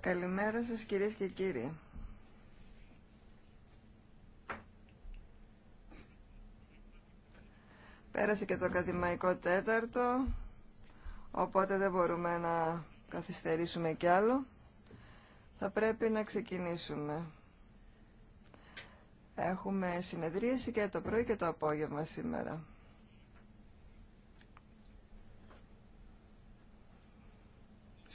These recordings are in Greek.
Καλημέρα σας κυρίες και κύριοι. Πέρασε και το ακαδημαϊκό τέταρτο, οπότε δεν μπορούμε να καθυστερήσουμε κι άλλο. Θα πρέπει να ξεκινήσουμε. Έχουμε συνεδρίαση και το πρωί και το απόγευμα σήμερα.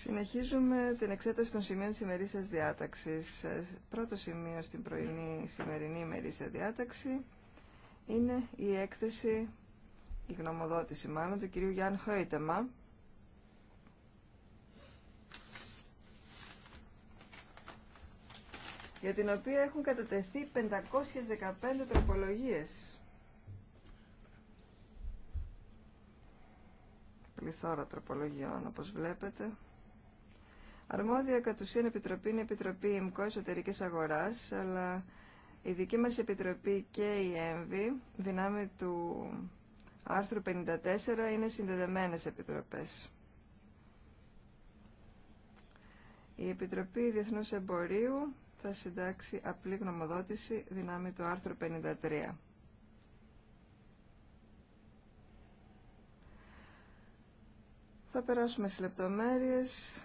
Συνεχίζουμε την εξέταση των σημείων της ημερήσιας διάταξης. Ε, πρώτο σημείο στην πρωινή σημερινή ημερήσια διάταξη είναι η έκθεση, η γνωμοδότηση μάλλον, του κυρίου Γιάνν Χόιτεμα για την οποία έχουν κατατεθεί 515 τροπολογίες. Πληθώρα τροπολογιών, όπως βλέπετε. Αρμόδια κατ' ουσίαν επιτροπή είναι η Επιτροπή ΕΜΚΟ εσωτερική αγορά, αλλά η δική μας επιτροπή και η ΕΜΒΗ, δυνάμει του άρθρου 54, είναι συνδεδεμένε επιτροπές. Η Επιτροπή Διεθνούς Εμπορίου θα συντάξει απλή γνωμοδότηση δυνάμει του άρθρου 53. Θα περάσουμε στις λεπτομέρειες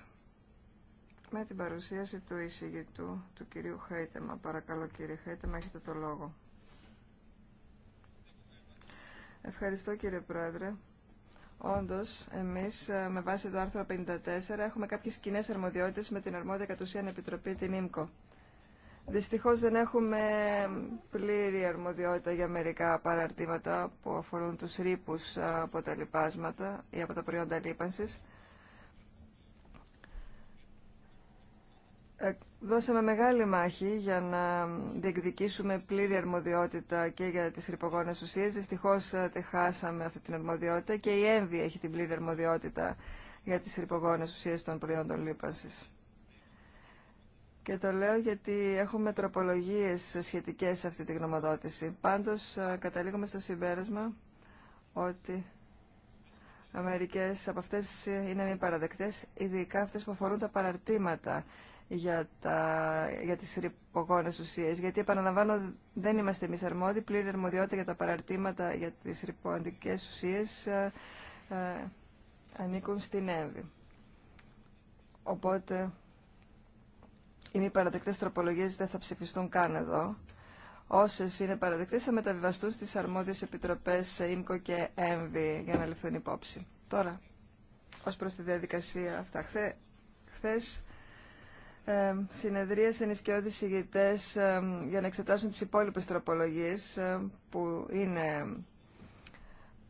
με την παρουσίαση του εισηγητού του κυρίου Χαίτεμα. Παρακαλώ κύριε Χαίτεμα, έχετε το λόγο. Ευχαριστώ κύριε Πρόεδρε. Όντως, εμείς ε, με βάση το άρθρο 54 έχουμε κάποιες κοινέ αρμοδιότητες με την αρμόδια κατουσίαν επιτροπή την ΙΜΚΟ. Δυστυχώς δεν έχουμε πλήρη αρμοδιότητα για μερικά παραρτήματα που αφορούν τους ρήπους ε, από τα λοιπάσματα ή από τα προϊόντα λίπανσης. Ε, δώσαμε μεγάλη μάχη για να διεκδικήσουμε πλήρη αρμοδιότητα και για τις ρηπογόνες ουσίες. Δυστυχώς τη ε, χάσαμε αυτή την αρμοδιότητα και η ΕΜΒΗ έχει την πλήρη αρμοδιότητα για τις ρηπογόνες ουσίες των προϊόντων λίπανσης. Και το λέω γιατί έχουμε τροπολογίες σχετικές σε αυτή τη γνωμοδότηση. Πάντως ε, καταλήγουμε στο συμπέρασμα ότι αμερικές από αυτές είναι μη παραδεκτές, ειδικά αυτές που αφορούν τα παραρτήματα για, τα, για τις ρηπογόνες ουσίες, γιατί επαναλαμβάνω δεν είμαστε εμείς αρμόδιοι, πλήρη αρμοδιότητα για τα παραρτήματα για τις ρηποαντικές ουσίες ε, ε, ανήκουν στην Εύη. Οπότε οι μη παραδεκτές τροπολογίες δεν θα ψηφιστούν καν εδώ. Όσες είναι παραδεκτές θα μεταβιβαστούν στις αρμόδιες επιτροπές ΙΜΚΟ και ΕΜΒΗ για να ληφθούν υπόψη. Τώρα, ως προς τη διαδικασία αυτά, χθε, ε, σε οι για να εξετάσουν τις υπόλοιπες τροπολογίες που είναι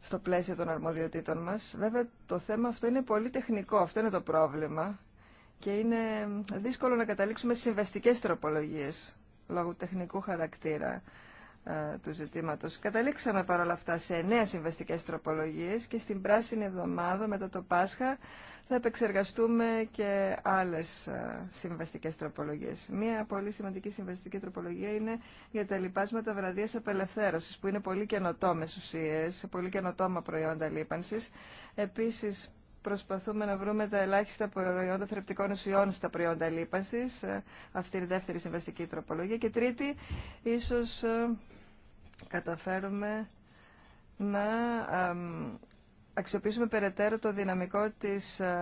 στο πλαίσιο των αρμοδιοτήτων μας. Βέβαια το θέμα αυτό είναι πολύ τεχνικό, αυτό είναι το πρόβλημα και είναι δύσκολο να καταλήξουμε σε συμβαστικές τροπολογίες λόγω τεχνικού χαρακτήρα. Ε, του ζητήματος. Καταλήξαμε παρόλα αυτά σε νέες συμβαστικές τροπολογίες και στην πράσινη εβδομάδα μετά το Πάσχα θα επεξεργαστούμε και άλλες ε, συμβαστικές τροπολογίες. Μία πολύ σημαντική συμβαστική τροπολογία είναι για τα λοιπάσματα βραδίας απελευθέρωσης που είναι πολύ καινοτόμες ουσίες, πολύ καινοτόμα προϊόντα λίπανσης. Επίσης προσπαθούμε να βρούμε τα ελάχιστα προϊόντα θρεπτικών ουσιών στα προϊόντα λίπασης. Ε, αυτή είναι η δεύτερη συμβαστική τροπολογία. Και τρίτη, ίσως ε, καταφέρουμε να αξιοποιήσουμε περαιτέρω το δυναμικό της ε,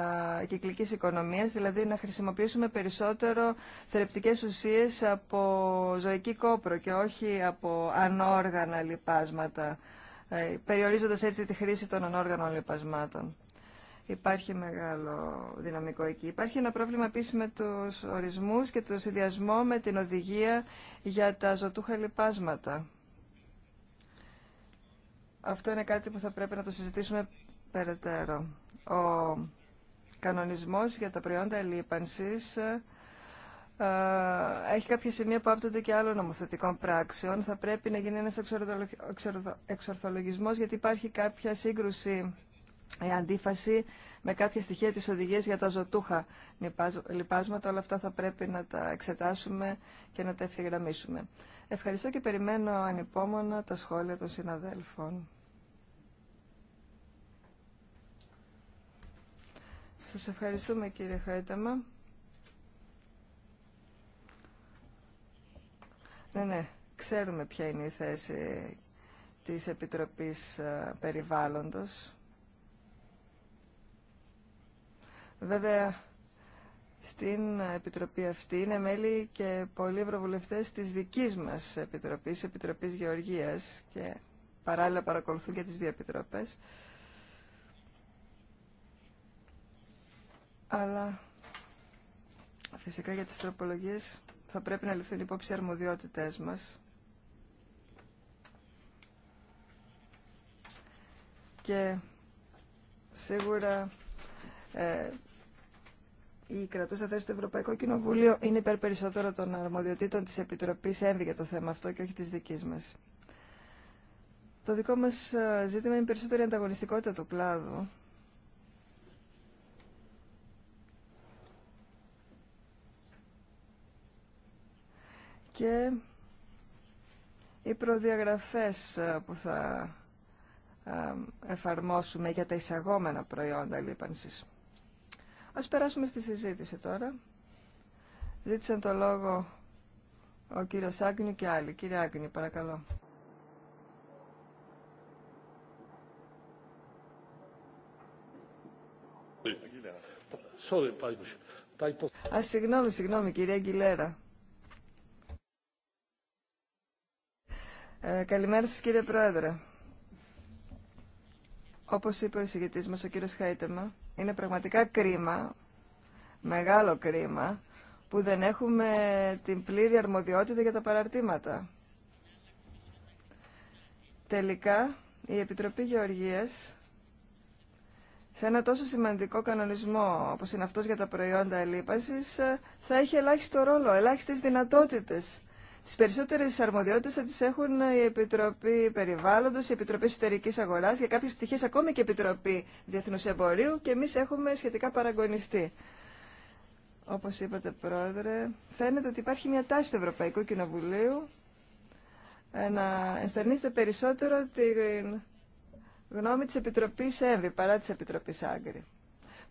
κυκλικής οικονομίας, δηλαδή να χρησιμοποιήσουμε περισσότερο θρεπτικές ουσίες από ζωική κόπρο και όχι από ανόργανα λιπάσματα, περιορίζοντας έτσι τη χρήση των ανόργανων λιπασμάτων. Υπάρχει μεγάλο δυναμικό εκεί. Υπάρχει ένα πρόβλημα επίσης με τους ορισμούς και το συνδυασμό με την οδηγία για τα ζωτούχα λοιπάσματα. Αυτό είναι κάτι που θα πρέπει να το συζητήσουμε περαιτέρω. Ο κανονισμός για τα προϊόντα λίπανσης ε, έχει κάποια σημεία που άπτονται και άλλων νομοθετικών πράξεων. Θα πρέπει να γίνει ένας εξορθολογισμός γιατί υπάρχει κάποια σύγκρουση ε, αντίφαση με κάποια στοιχεία της οδηγίας για τα ζωτούχα λοιπάσματα Όλα αυτά θα πρέπει να τα εξετάσουμε και να τα ευθυγραμμίσουμε. Ευχαριστώ και περιμένω ανυπόμονα τα σχόλια των συναδέλφων. Σας ευχαριστούμε κύριε Χαϊταμα. Ναι, ναι, ξέρουμε ποια είναι η θέση της Επιτροπής ε, Περιβάλλοντος. Βέβαια, στην Επιτροπή αυτή είναι μέλη και πολλοί ευρωβουλευτέ της δικής μας Επιτροπής, Επιτροπής Γεωργίας και παράλληλα παρακολουθούν και τις δύο επιτροπές. Αλλά φυσικά για τις τροπολογίες θα πρέπει να ληφθούν υπόψη οι αρμοδιότητές μας. Και σίγουρα ε, η κρατούσα θέση του Ευρωπαϊκού Κοινοβουλίου είναι υπέρ περισσότερο των αρμοδιοτήτων της Επιτροπής έμβηκε για το θέμα αυτό και όχι της δικής μας. Το δικό μας ε, ζήτημα είναι η περισσότερη ανταγωνιστικότητα του κλάδου. Και οι προδιαγραφές ε, που θα ε, εφαρμόσουμε για τα εισαγόμενα προϊόντα λίπανσης. Ας περάσουμε στη συζήτηση τώρα. Ζήτησαν το λόγο ο κύριος Άγνιου και άλλοι. Κύριε Άγνιου, παρακαλώ. Α, συγγνώμη, συγγνώμη, κυρία Αγγιλέρα. Ε, καλημέρα σας, κύριε Πρόεδρε. Όπως είπε ο εισηγητής μας, ο κύριος Χαϊτεμα, είναι πραγματικά κρίμα, μεγάλο κρίμα, που δεν έχουμε την πλήρη αρμοδιότητα για τα παραρτήματα. Τελικά, η Επιτροπή Γεωργίας, σε ένα τόσο σημαντικό κανονισμό όπως είναι αυτός για τα προϊόντα ελίπασης, θα έχει ελάχιστο ρόλο, ελάχιστες δυνατότητες Τις περισσότερες αρμοδιότητες θα τις έχουν η Επιτροπή Περιβάλλοντος, η Επιτροπή Εσωτερικής Αγοράς, για κάποιες πτυχές ακόμη και η Επιτροπή Διεθνούς Εμπορίου και εμείς έχουμε σχετικά παραγωνιστεί. Όπως είπατε Πρόεδρε, φαίνεται ότι υπάρχει μια τάση του Ευρωπαϊκού Κοινοβουλίου ε, να ενστερνίσετε περισσότερο τη γνώμη της Επιτροπής ΕΒΗ παρά της Επιτροπής Άγκρη.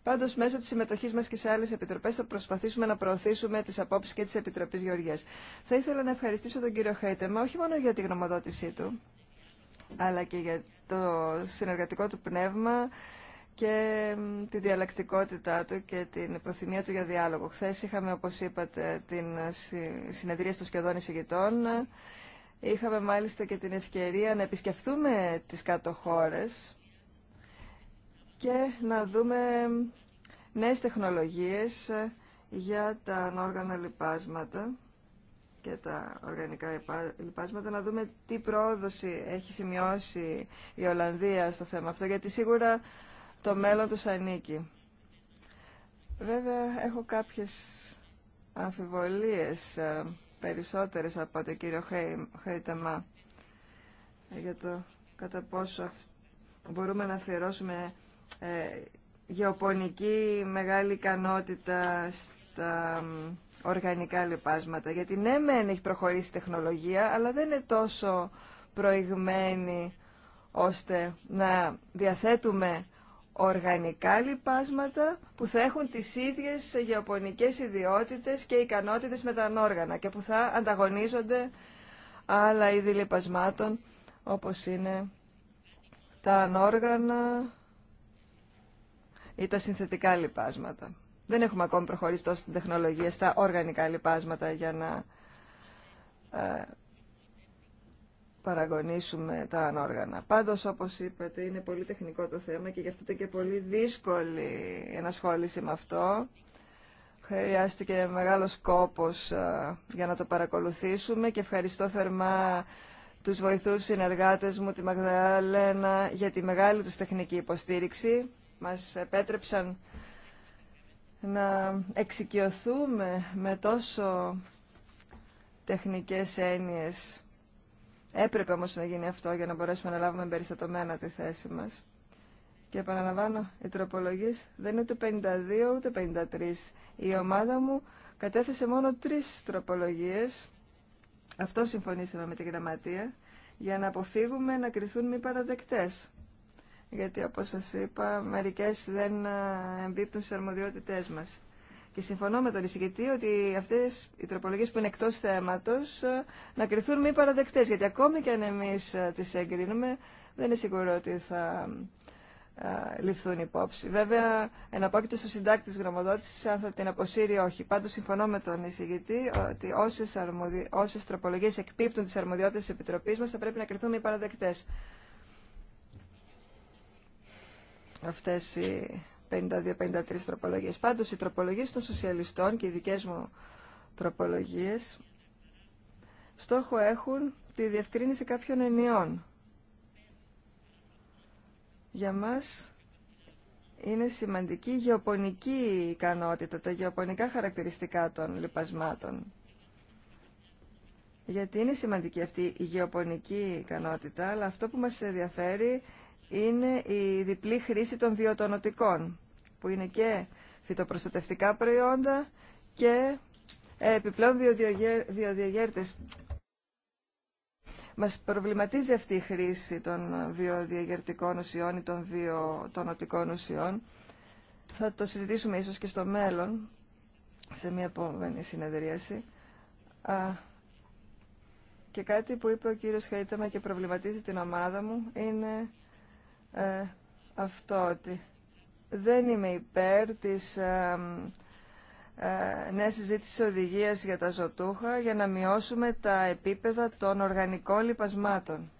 Πάντω, μέσω τη συμμετοχή μα και σε άλλε επιτροπέ, θα προσπαθήσουμε να προωθήσουμε τι απόψει και τη Επιτροπή Γεωργία. Θα ήθελα να ευχαριστήσω τον κύριο Χαϊτεμα όχι μόνο για τη γνωμοδότησή του, αλλά και για το συνεργατικό του πνεύμα και τη διαλλακτικότητά του και την προθυμία του για διάλογο. Χθε είχαμε, όπω είπατε, την συνεδρία στο σχεδόν εισηγητών. Είχαμε μάλιστα και την ευκαιρία να επισκεφθούμε τις κάτω χώρες και να δούμε νέες τεχνολογίες για τα όργανα λιπάσματα και τα οργανικά λιπάσματα, να δούμε τι πρόοδοση έχει σημειώσει η Ολλανδία στο θέμα αυτό, γιατί σίγουρα το μέλλον του ανήκει. Βέβαια, έχω κάποιες αμφιβολίες ε, περισσότερες από το κύριο Χαϊταμά για το κατά πόσο μπορούμε να αφιερώσουμε ε, γεωπονική μεγάλη ικανότητα στα οργανικά λιπάσματα. Γιατί ναι, μεν έχει προχωρήσει η τεχνολογία, αλλά δεν είναι τόσο προηγμένη ώστε να διαθέτουμε οργανικά λιπάσματα που θα έχουν τις ίδιες γεωπονικές ιδιότητες και ικανότητες με τα ανόργανα και που θα ανταγωνίζονται άλλα είδη λιπασμάτων όπως είναι τα ανόργανα, ή τα συνθετικά λοιπάσματα. Δεν έχουμε ακόμη προχωρήσει τόσο στην τεχνολογία στα οργανικά λοιπάσματα για να ε, παραγωνίσουμε τα ανόργανα. Πάντως, όπως είπατε, είναι πολύ τεχνικό το θέμα και γι' αυτό ήταν και πολύ δύσκολη ενασχόληση με αυτό. Χρειάστηκε μεγάλος κόπος ε, για να το παρακολουθήσουμε και ευχαριστώ θερμά τους βοηθούς συνεργάτες μου, τη Μαγδαλένα, για τη μεγάλη τους τεχνική υποστήριξη μας επέτρεψαν να εξοικειωθούμε με τόσο τεχνικές έννοιες. Έπρεπε όμως να γίνει αυτό για να μπορέσουμε να λάβουμε περιστατωμένα τη θέση μας. Και επαναλαμβάνω, οι τροπολογίες δεν είναι ούτε 52 ούτε 53. Η ομάδα μου κατέθεσε μόνο τρεις τροπολογίες. Αυτό συμφωνήσαμε με τη γραμματεία για να αποφύγουμε να κριθούν μη παραδεκτές γιατί όπως σας είπα μερικές δεν ε, εμπίπτουν στις αρμοδιότητές μας. Και συμφωνώ με τον εισηγητή ότι αυτές οι τροπολογίες που είναι εκτός θέματος ε, να κρυθούν μη παραδεκτές, γιατί ακόμη και αν εμείς ε, τις εγκρίνουμε δεν είναι σίγουρο ότι θα ληφθούν υπόψη. Βέβαια, εναπόκειται στο συντάκτη τη γνωμοδότηση αν θα την αποσύρει όχι. Πάντω, συμφωνώ με τον εισηγητή ότι όσε αρμοδι... τροπολογίε εκπίπτουν τι αρμοδιότητε τη Επιτροπή μα θα πρέπει να κρυθούν μη παραδεκτέ αυτές οι 52-53 τροπολογίες. Πάντως οι τροπολογίες των σοσιαλιστών και οι δικές μου τροπολογίες στόχο έχουν τη διευκρίνηση κάποιων ενιών. Για μας είναι σημαντική η γεωπονική ικανότητα, τα γεωπονικά χαρακτηριστικά των λοιπασμάτων. Γιατί είναι σημαντική αυτή η γεωπονική ικανότητα, αλλά αυτό που μας ενδιαφέρει είναι η διπλή χρήση των βιοτονοτικών, που είναι και φυτοπροστατευτικά προϊόντα και ε, επιπλέον βιοδιαγέρτες. Μας προβληματίζει αυτή η χρήση των βιοδιαγερτικών ουσιών ή των βιοτονοτικών ουσιών. Θα το συζητήσουμε ίσως και στο μέλλον, σε μια επόμενη συνεδρίαση. Και κάτι που είπε ο κύριος Χαϊτέμα και προβληματίζει την ομάδα μου είναι ε, αυτό ότι δεν είμαι υπέρ της ε, ε, νέας οδηγίας για τα ζωτούχα για να μειώσουμε τα επίπεδα των οργανικών λιπασμάτων.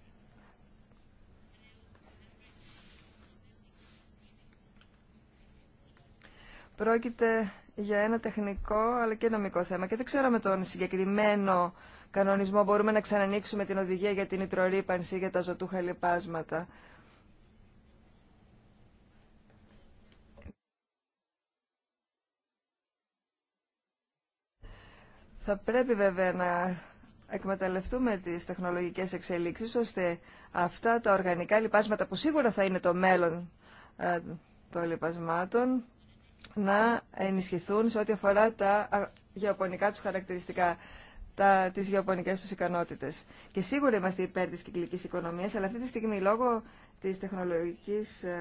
Πρόκειται για ένα τεχνικό αλλά και νομικό θέμα και δεν ξέρω με τον συγκεκριμένο κανονισμό μπορούμε να ξανανοίξουμε την οδηγία για την ιτρορύπανση για τα ζωτούχα λιπάσματα. Θα πρέπει βέβαια να εκμεταλλευτούμε τις τεχνολογικές εξελίξεις ώστε αυτά τα οργανικά λοιπάσματα που σίγουρα θα είναι το μέλλον ε, των λοιπασμάτων να ενισχυθούν σε ό,τι αφορά τα γεωπονικά τους χαρακτηριστικά, τα, τις γεωπονικές τους ικανότητες. Και σίγουρα είμαστε υπέρ της κυκλικής οικονομίας, αλλά αυτή τη στιγμή λόγω της τεχνολογικής ε,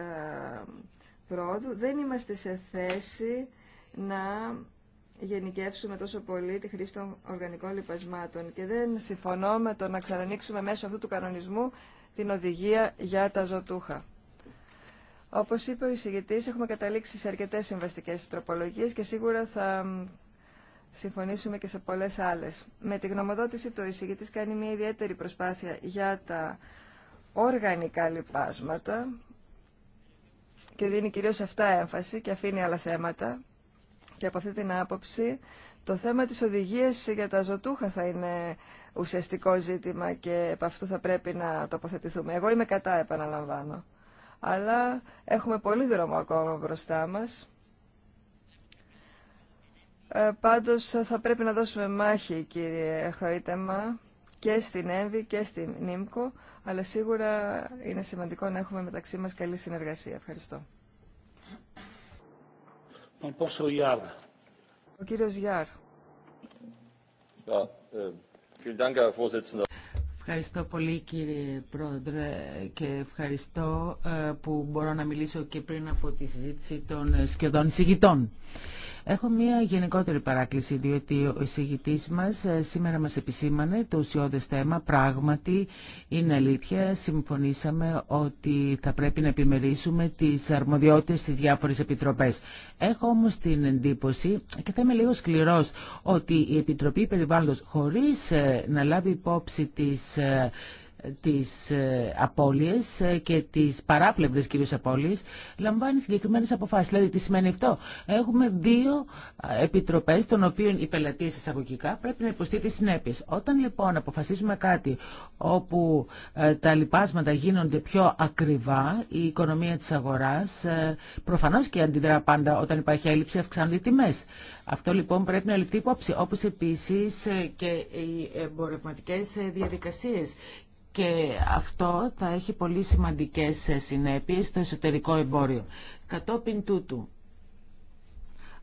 πρόοδου δεν είμαστε σε θέση να γενικεύσουμε τόσο πολύ τη χρήση των οργανικών λοιπασμάτων και δεν συμφωνώ με το να ξανανοίξουμε μέσω αυτού του κανονισμού την οδηγία για τα ζωτούχα. Όπω είπε ο εισηγητή, έχουμε καταλήξει σε αρκετέ συμβαστικέ τροπολογίε και σίγουρα θα συμφωνήσουμε και σε πολλές άλλες. Με τη γνωμοδότηση του εισηγητή κάνει μια ιδιαίτερη προσπάθεια για τα οργανικά λιπάσματα και δίνει κυρίως αυτά έμφαση και αφήνει άλλα θέματα και από αυτή την άποψη το θέμα της οδηγίας για τα ζωτούχα θα είναι ουσιαστικό ζήτημα και από αυτού θα πρέπει να τοποθετηθούμε. Εγώ είμαι κατά, επαναλαμβάνω. Αλλά έχουμε πολύ δρόμο ακόμα μπροστά μας. Ε, πάντως θα πρέπει να δώσουμε μάχη, κύριε Χαΐτεμα, και στην ΕΜΒΗ και στην ΝΙΜΚΟ, αλλά σίγουρα είναι σημαντικό να έχουμε μεταξύ μας καλή συνεργασία. Ευχαριστώ. Λοιπόν, Ο κύριος Γιάρ. Äh, Ευχαριστώ πολύ κύριε Πρόεδρε και ευχαριστώ ε, που μπορώ να μιλήσω και πριν από τη συζήτηση των σχεδόν εισηγητών. Έχω μία γενικότερη παράκληση, διότι ο εισηγητή μα ε, σήμερα μας επισήμανε το ουσιώδες θέμα. Πράγματι, είναι αλήθεια, συμφωνήσαμε ότι θα πρέπει να επιμερίσουμε τις αρμοδιότητες στις διάφορε επιτροπέ. Έχω όμως την εντύπωση, και θα είμαι λίγο σκληρό, ότι η Επιτροπή Περιβάλλοντος, χωρί ε, να λάβει υπόψη τις σε τις ε, απώλειες ε, και τις παράπλευρες κυρίως απώλειες λαμβάνει συγκεκριμένες αποφάσεις. Δηλαδή τι σημαίνει αυτό. Έχουμε δύο επιτροπές των οποίων οι πελατείες εισαγωγικά πρέπει να υποστεί τις συνέπειες. Όταν λοιπόν αποφασίζουμε κάτι όπου ε, τα λοιπάσματα γίνονται πιο ακριβά η οικονομία της αγοράς προφανώς και αντιδρά πάντα όταν υπάρχει έλλειψη αυξάνονται οι τιμές. Αυτό λοιπόν πρέπει να ληφθεί υπόψη όπως επίσης και οι εμπορευματικέ διαδικασίες και αυτό θα έχει πολύ σημαντικές συνέπειες στο εσωτερικό εμπόριο. Κατόπιν τούτου,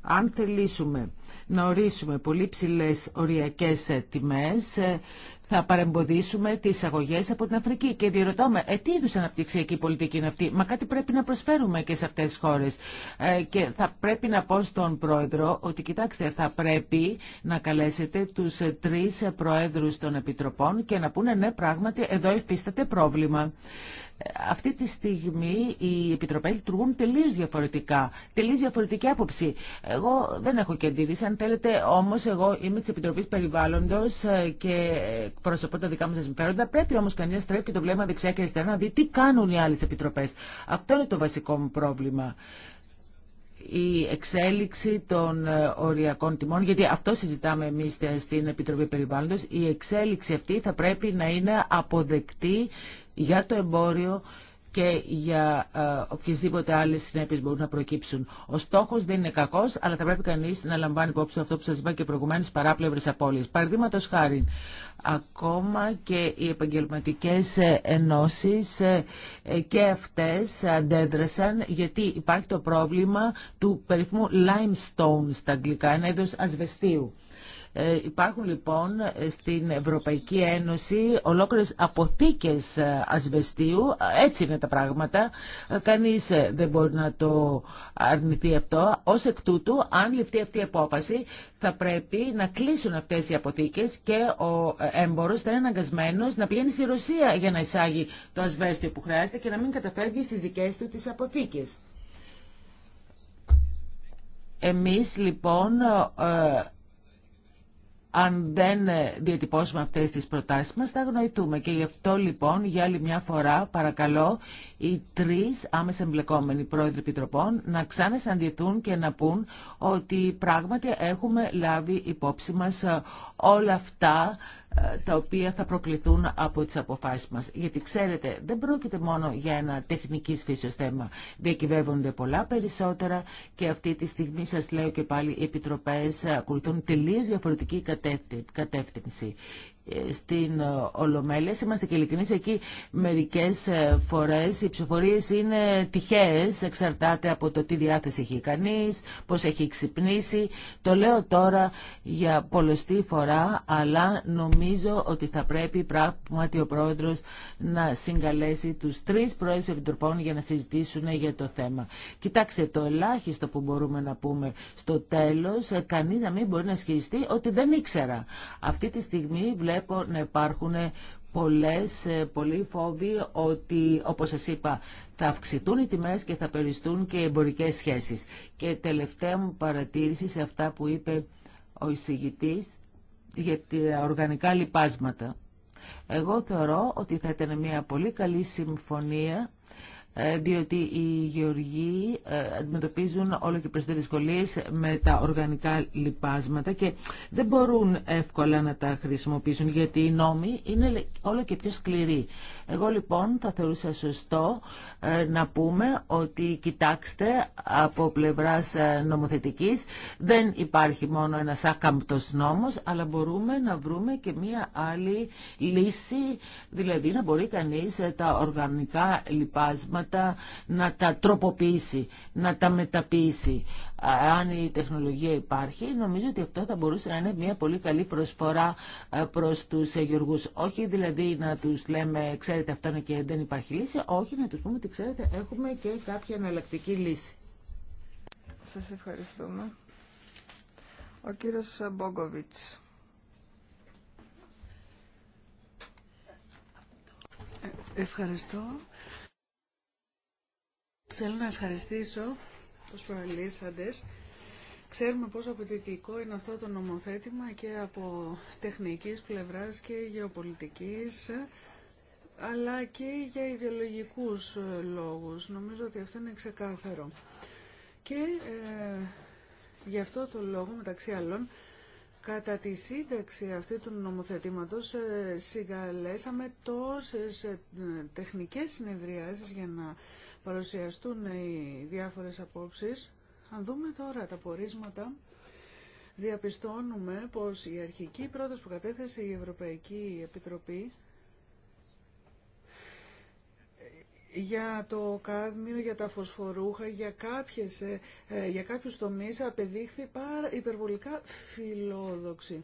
αν θελήσουμε να ορίσουμε πολύ ψηλές οριακές τιμές, θα παρεμποδίσουμε τι αγωγέ από την Αφρική. Και διερωτώ με, ε, τι είδου αναπτυξιακή πολιτική είναι αυτή. Μα κάτι πρέπει να προσφέρουμε και σε αυτέ τι χώρε. Ε, και θα πρέπει να πω στον πρόεδρο ότι, κοιτάξτε, θα πρέπει να καλέσετε του τρει προέδρου των επιτροπών και να πούνε, ναι, πράγματι, εδώ υφίσταται πρόβλημα αυτή τη στιγμή οι επιτροπές λειτουργούν τελείως διαφορετικά, τελείως διαφορετική άποψη. Εγώ δεν έχω και αντίρρηση, αν θέλετε, όμως εγώ είμαι της Επιτροπής Περιβάλλοντος ε, και προσωπώ τα δικά μου σα συμφέροντα. Πρέπει όμως κανείς να στρέφει το βλέμμα δεξιά και αριστερά να δει τι κάνουν οι άλλες επιτροπές. Αυτό είναι το βασικό μου πρόβλημα η εξέλιξη των ε, οριακών τιμών, γιατί αυτό συζητάμε εμείς στην Επιτροπή Περιβάλλοντος, η εξέλιξη αυτή θα πρέπει να είναι αποδεκτή για το εμπόριο και για ε, οποιασδήποτε άλλε συνέπειε μπορούν να προκύψουν. Ο στόχο δεν είναι κακό, αλλά θα πρέπει κανεί να λαμβάνει υπόψη αυτό που σα είπα και προηγουμένω παράπλευρε απώλειε. Παραδείγματο χάρη, ακόμα και οι επαγγελματικέ ε, ενώσει ε, και αυτέ αντέδρασαν γιατί υπάρχει το πρόβλημα του περίφημου limestone στα αγγλικά, ένα είδο ασβεστίου. Ε, υπάρχουν λοιπόν στην Ευρωπαϊκή Ένωση ολόκληρες αποθήκες ε, ασβεστίου. Έτσι είναι τα πράγματα. Ε, κανείς δεν μπορεί να το αρνηθεί αυτό. Ως εκ τούτου, αν ληφθεί αυτή η απόφαση, θα πρέπει να κλείσουν αυτές οι αποθήκες και ο έμπορος θα είναι αναγκασμένος να πηγαίνει στη Ρωσία για να εισάγει το ασβέστιο που χρειάζεται και να μην καταφεύγει στις δικές του τις αποθήκες. Εμείς λοιπόν αν δεν ε, διατυπώσουμε αυτές τις προτάσεις μας θα γνωριτούμε. και γι' αυτό λοιπόν για άλλη μια φορά παρακαλώ οι τρεις άμεσα εμπλεκόμενοι πρόεδροι επιτροπών να ξανασαντηθούν και να πούν ότι πράγματι έχουμε λάβει υπόψη μας ε, όλα αυτά τα οποία θα προκληθούν από τις αποφάσεις μας. Γιατί ξέρετε, δεν πρόκειται μόνο για ένα τεχνικής φύσεως θέμα. Διακυβεύονται πολλά περισσότερα και αυτή τη στιγμή σας λέω και πάλι οι επιτροπές ακολουθούν τελείως διαφορετική κατεύθυνση στην Ολομέλεια. Είμαστε και ειλικρινεί εκεί. Μερικέ ε, φορέ οι ψηφορίε είναι τυχαίε, εξαρτάται από το τι διάθεση έχει κανεί, πώ έχει ξυπνήσει. Το λέω τώρα για πολλωστή φορά, αλλά νομίζω ότι θα πρέπει πράγματι ο πρόεδρο να συγκαλέσει του τρει πρόεδρους επιτροπών για να συζητήσουν για το θέμα. Κοιτάξτε, το ελάχιστο που μπορούμε να πούμε στο τέλο, ε, κανεί να μην μπορεί να ισχυριστεί ότι δεν ήξερα. Αυτή τη στιγμή βλέπω βλέπω να υπάρχουν πολλές, ε, πολλοί φόβοι ότι, όπως σας είπα, θα αυξηθούν οι τιμές και θα περιστούν και οι εμπορικές σχέσεις. Και τελευταία μου παρατήρηση σε αυτά που είπε ο εισηγητής για τα οργανικά λοιπάσματα. Εγώ θεωρώ ότι θα ήταν μια πολύ καλή συμφωνία ε, διότι οι γεωργοί ε, αντιμετωπίζουν όλο και περισσότερες δυσκολίες με τα οργανικά λιπάσματα και δεν μπορούν εύκολα να τα χρησιμοποιήσουν γιατί οι νόμοι είναι όλο και πιο σκληροί. Εγώ λοιπόν θα θεωρούσα σωστό ε, να πούμε ότι κοιτάξτε από πλευράς νομοθετικής δεν υπάρχει μόνο ένας άκαμπτος νόμος αλλά μπορούμε να βρούμε και μία άλλη λύση δηλαδή να μπορεί κανείς τα οργανικά λιπάσματα να τα τροποποιήσει, να τα μεταποιήσει. Αν η τεχνολογία υπάρχει, νομίζω ότι αυτό θα μπορούσε να είναι μια πολύ καλή προσφορά ε, προς τους γεωργούς. Όχι δηλαδή να τους λέμε, ξέρετε αυτό είναι και δεν υπάρχει λύση, όχι να τους πούμε ότι ξέρετε έχουμε και κάποια εναλλακτική λύση. Σας ευχαριστούμε. Ο κύριος Μπόγκοβιτς. Ε, ευχαριστώ. Θέλω να ευχαριστήσω τους προελίσσαντες. Ξέρουμε πόσο απαιτητικό είναι αυτό το νομοθέτημα και από τεχνικής πλευράς και γεωπολιτικής αλλά και για ιδεολογικούς λόγους. Νομίζω ότι αυτό είναι ξεκάθαρο. Και ε, γι' αυτό το λόγο, μεταξύ άλλων, κατά τη σύνταξη αυτή του νομοθετήματος ε, συγκαλέσαμε τόσες ε, τεχνικές συνεδριάσεις για να παρουσιαστούν οι διάφορες απόψεις. Αν δούμε τώρα τα πορίσματα, διαπιστώνουμε πως η αρχική πρόταση που κατέθεσε η Ευρωπαϊκή Επιτροπή για το κάδμιο, για τα φωσφορούχα, για, κάποιες, ε, ε, για κάποιους τομείς απεδείχθη υπερβολικά φιλόδοξη.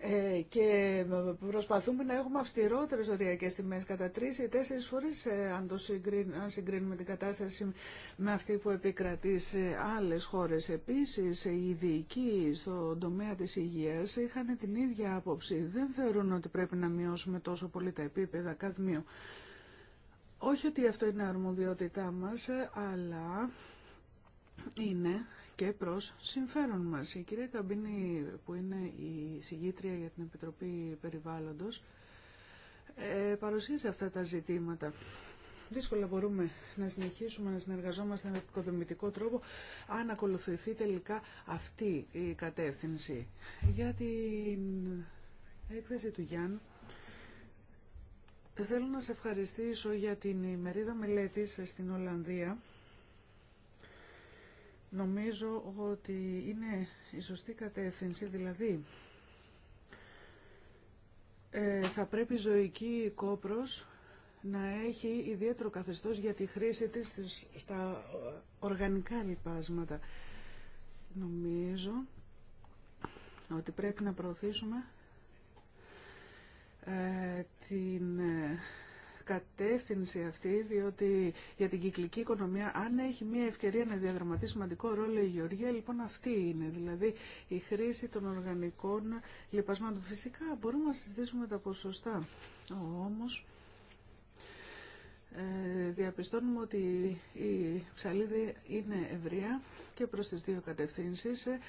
Ε, και προσπαθούμε να έχουμε αυστηρότερε οριακέ τιμέ κατά τρεις ή τέσσερις φορές ε, αν, αν συγκρίνουμε την κατάσταση με αυτή που επικρατεί σε άλλες χώρες. Επίσης, οι ειδικοί στον τομέα της υγείας είχαν την ίδια άποψη. Δεν θεωρούν ότι πρέπει να μειώσουμε τόσο πολύ τα επίπεδα καθμίου. Όχι ότι αυτό είναι αρμοδιότητά μας, ε, αλλά είναι και προς συμφέρον μας. Η κυρία Καμπίνη που είναι η συγγήτρια για την Επιτροπή Περιβάλλοντος ε, παρουσίασε αυτά τα ζητήματα. Δύσκολα μπορούμε να συνεχίσουμε να συνεργαζόμαστε με οικοδομητικό τρόπο αν ακολουθηθεί τελικά αυτή η κατεύθυνση. Για την έκθεση του Γιάννου, θέλω να σε ευχαριστήσω για την ημερίδα μελέτης στην Ολλανδία Νομίζω ότι είναι η σωστή κατεύθυνση, δηλαδή ε, θα πρέπει η ζωική κόπρος να έχει ιδιαίτερο καθεστώς για τη χρήση της στα οργανικά λοιπάσματα. Νομίζω ότι πρέπει να προωθήσουμε ε, την ε, κατεύθυνση αυτή, διότι για την κυκλική οικονομία, αν έχει μια ευκαιρία να διαδραματίσει σημαντικό ρόλο η γεωργία, λοιπόν αυτή είναι. Δηλαδή η χρήση των οργανικών λοιπασμάτων. Φυσικά μπορούμε να συζητήσουμε τα ποσοστά. Όμως, ε, διαπιστώνουμε ότι η Ψαλίδη είναι ευρεία και προς τις δύο κατευθύνσεις. Ε,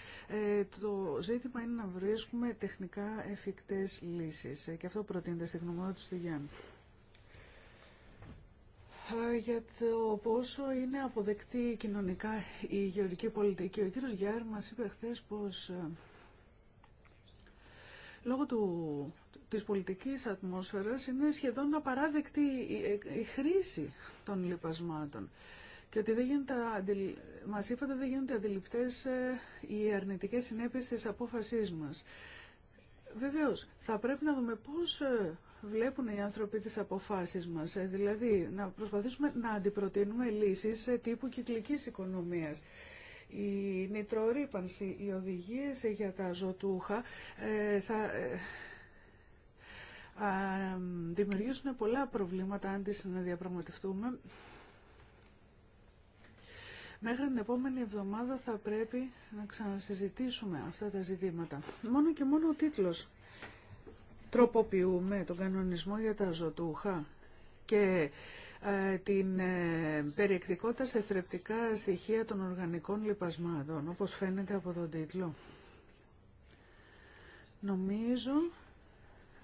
το ζήτημα είναι να βρίσκουμε τεχνικά εφικτές λύσεις ε, και αυτό προτείνεται στη γνωμάτωση του Γιάννη. Ε, για το πόσο είναι αποδεκτή κοινωνικά η γεωργική πολιτική. Ο κύριος Γιάρ μα είπε χθε πως ε, λόγω του, της πολιτικής ατμόσφαιρας είναι σχεδόν απαράδεκτη η, η χρήση των λοιπασμάτων και ότι δεν γίνεται, μας είπατε δεν γίνονται αντιληπτές ε, οι αρνητικές συνέπειες της απόφασής μας. Βεβαίως, θα πρέπει να δούμε πώς βλέπουν οι άνθρωποι τις αποφάσεις μας. Ε, δηλαδή, να προσπαθήσουμε να αντιπροτείνουμε λύσεις τύπου κυκλικής οικονομίας. Η νητρορύπανση, οι οδηγίες για τα ζωτούχα ε, θα ε, δημιουργήσουν πολλά προβλήματα αν τις διαπραγματευτούμε. Μέχρι την επόμενη εβδομάδα θα πρέπει να ξανασυζητήσουμε αυτά τα ζητήματα. Μόνο και μόνο ο τίτλος τροποποιούμε τον κανονισμό για τα ζωτούχα και ε, την ε, περιεκτικότητα σε θρεπτικά στοιχεία των οργανικών λιπασμάτων, όπως φαίνεται από τον τίτλο. Νομίζω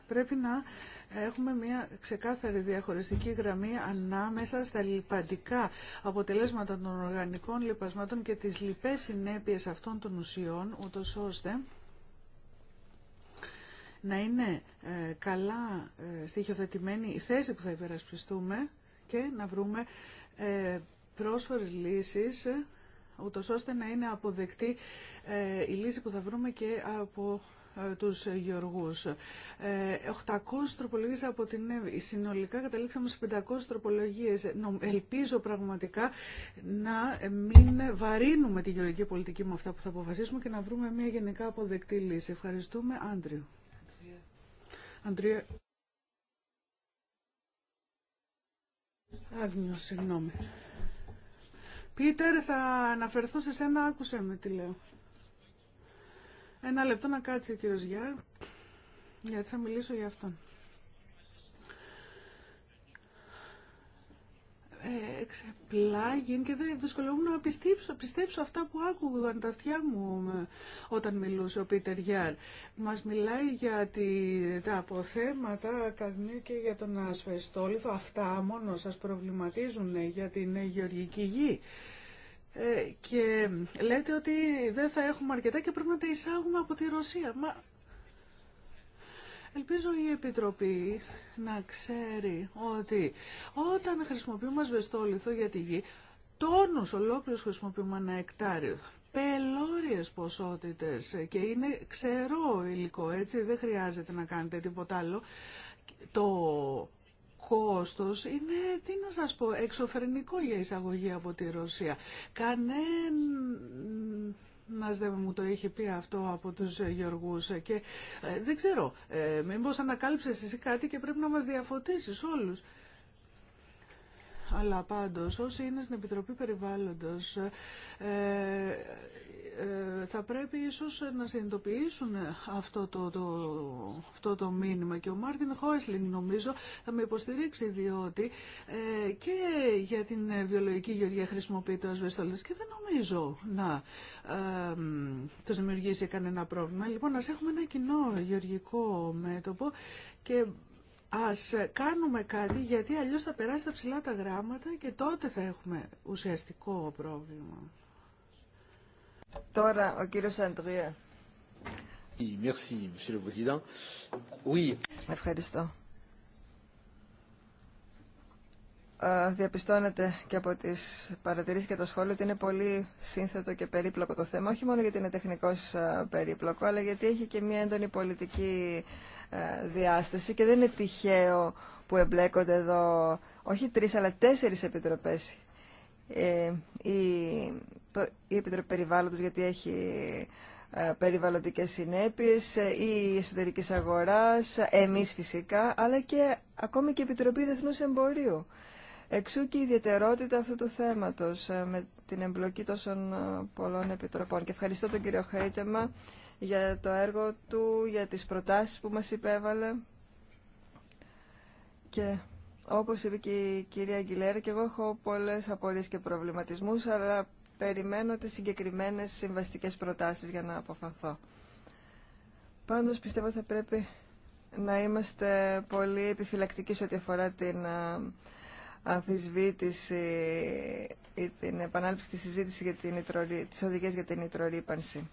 πρέπει να έχουμε μια ξεκάθαρη διαχωριστική γραμμή ανάμεσα στα λιπαντικά αποτελέσματα των οργανικών λιπασμάτων και τις λιπές συνέπειες αυτών των ουσιών, ούτως ώστε να είναι ε, καλά ε, στοιχειοθετημένη η θέση που θα υπερασπιστούμε και να βρούμε ε, πρόσφορες λύσεις ούτως ώστε να είναι αποδεκτή η λύση που θα βρούμε και από τους γεωργούς. 800 τροπολογίες από την Εύη. Συνολικά καταλήξαμε σε 500 τροπολογίες. Ελπίζω πραγματικά να μην βαρύνουμε τη γεωργική πολιτική με αυτά που θα αποφασίσουμε και να βρούμε μια γενικά αποδεκτή λύση. Ευχαριστούμε, Άντριο. Αντρία... Άγνιο, συγγνώμη. Πίτερ, θα αναφερθώ σε σένα, άκουσε με τι λέω. Ένα λεπτό να κάτσει ο κύριος Γιάρ, γιατί θα μιλήσω για αυτόν. εξεπλάγει και δεν δυσκολεύομαι να πιστέψω, πιστέψω αυτά που άκουγαν τα αυτιά μου όταν μιλούσε ο Πίτερ Γιάρ. Μας μιλάει για τη, τα αποθέματα καδμίου και για τον ασφαιστόλιθο. Αυτά μόνο σας προβληματίζουν για την γεωργική γη. Ε, και λέτε ότι δεν θα έχουμε αρκετά και πρέπει να τα εισάγουμε από τη Ρωσία. Μα Ελπίζω η Επιτροπή να ξέρει ότι όταν χρησιμοποιούμε ασβεστόλιθο για τη γη, τόνους ολόκληρους χρησιμοποιούμε ένα εκτάριο πελώριες ποσότητες και είναι ξερό υλικό, έτσι, δεν χρειάζεται να κάνετε τίποτα άλλο. Το κόστος είναι, τι να σας πω, εξωφρενικό για εισαγωγή από τη Ρωσία. κανέν μας δεν μου το είχε πει αυτό από τους Γεωργούς και ε, δεν ξέρω, ε, μήπως ανακάλυψες εσύ κάτι και πρέπει να μας διαφωτίσεις όλους. Αλλά πάντως όσοι είναι στην Επιτροπή Περιβάλλοντος ε, ε, θα πρέπει ίσως να συνειδητοποιήσουν αυτό το, αυτό μήνυμα και ο Μάρτιν Χόισλινγκ νομίζω θα με υποστηρίξει διότι ε, και για την βιολογική γεωργία χρησιμοποιεί το ασβεστόλες και δεν νομίζω να ε, τους δημιουργήσει κανένα πρόβλημα. Λοιπόν, ας έχουμε ένα κοινό γεωργικό μέτωπο και ας κάνουμε κάτι γιατί αλλιώς θα περάσει τα ψηλά τα γράμματα και τότε θα έχουμε ουσιαστικό πρόβλημα. Τώρα ο κύριος Αντριέ. Ευχαριστώ. Διαπιστώνεται και από τι παρατηρήσει και τα σχόλια ότι είναι πολύ σύνθετο και περίπλοκο το θέμα, όχι μόνο γιατί είναι τεχνικό περίπλοκο, αλλά γιατί έχει και μια έντονη πολιτική διάσταση και δεν είναι τυχαίο που εμπλέκονται εδώ όχι τρει αλλά τέσσερι επιτροπέ. Ε, η Επιτροπή Περιβάλλοντος γιατί έχει ε, περιβαλλοντικές συνέπειες, ε, η εσωτερική αγοράς, εμείς φυσικά, αλλά και ακόμη και η Επιτροπή Διεθνούς Εμπορίου. Εξού και η ιδιαιτερότητα αυτού του θέματος με την εμπλοκή τόσων πολλών επιτροπών. Και ευχαριστώ τον κύριο Χαίτεμα για το έργο του, για τις προτάσεις που μας υπέβαλε. Και όπως είπε και η κυρία Αγγιλέρα, και εγώ έχω πολλές απορίες και προβληματισμούς, αλλά περιμένω τις συγκεκριμένες συμβαστικές προτάσεις για να αποφανθώ. Πάντως πιστεύω θα πρέπει να είμαστε πολύ επιφυλακτικοί σε ό,τι αφορά την ε, αμφισβήτηση ή την επανάληψη της συζήτησης για την οδηγίες για την νητρορύπανση.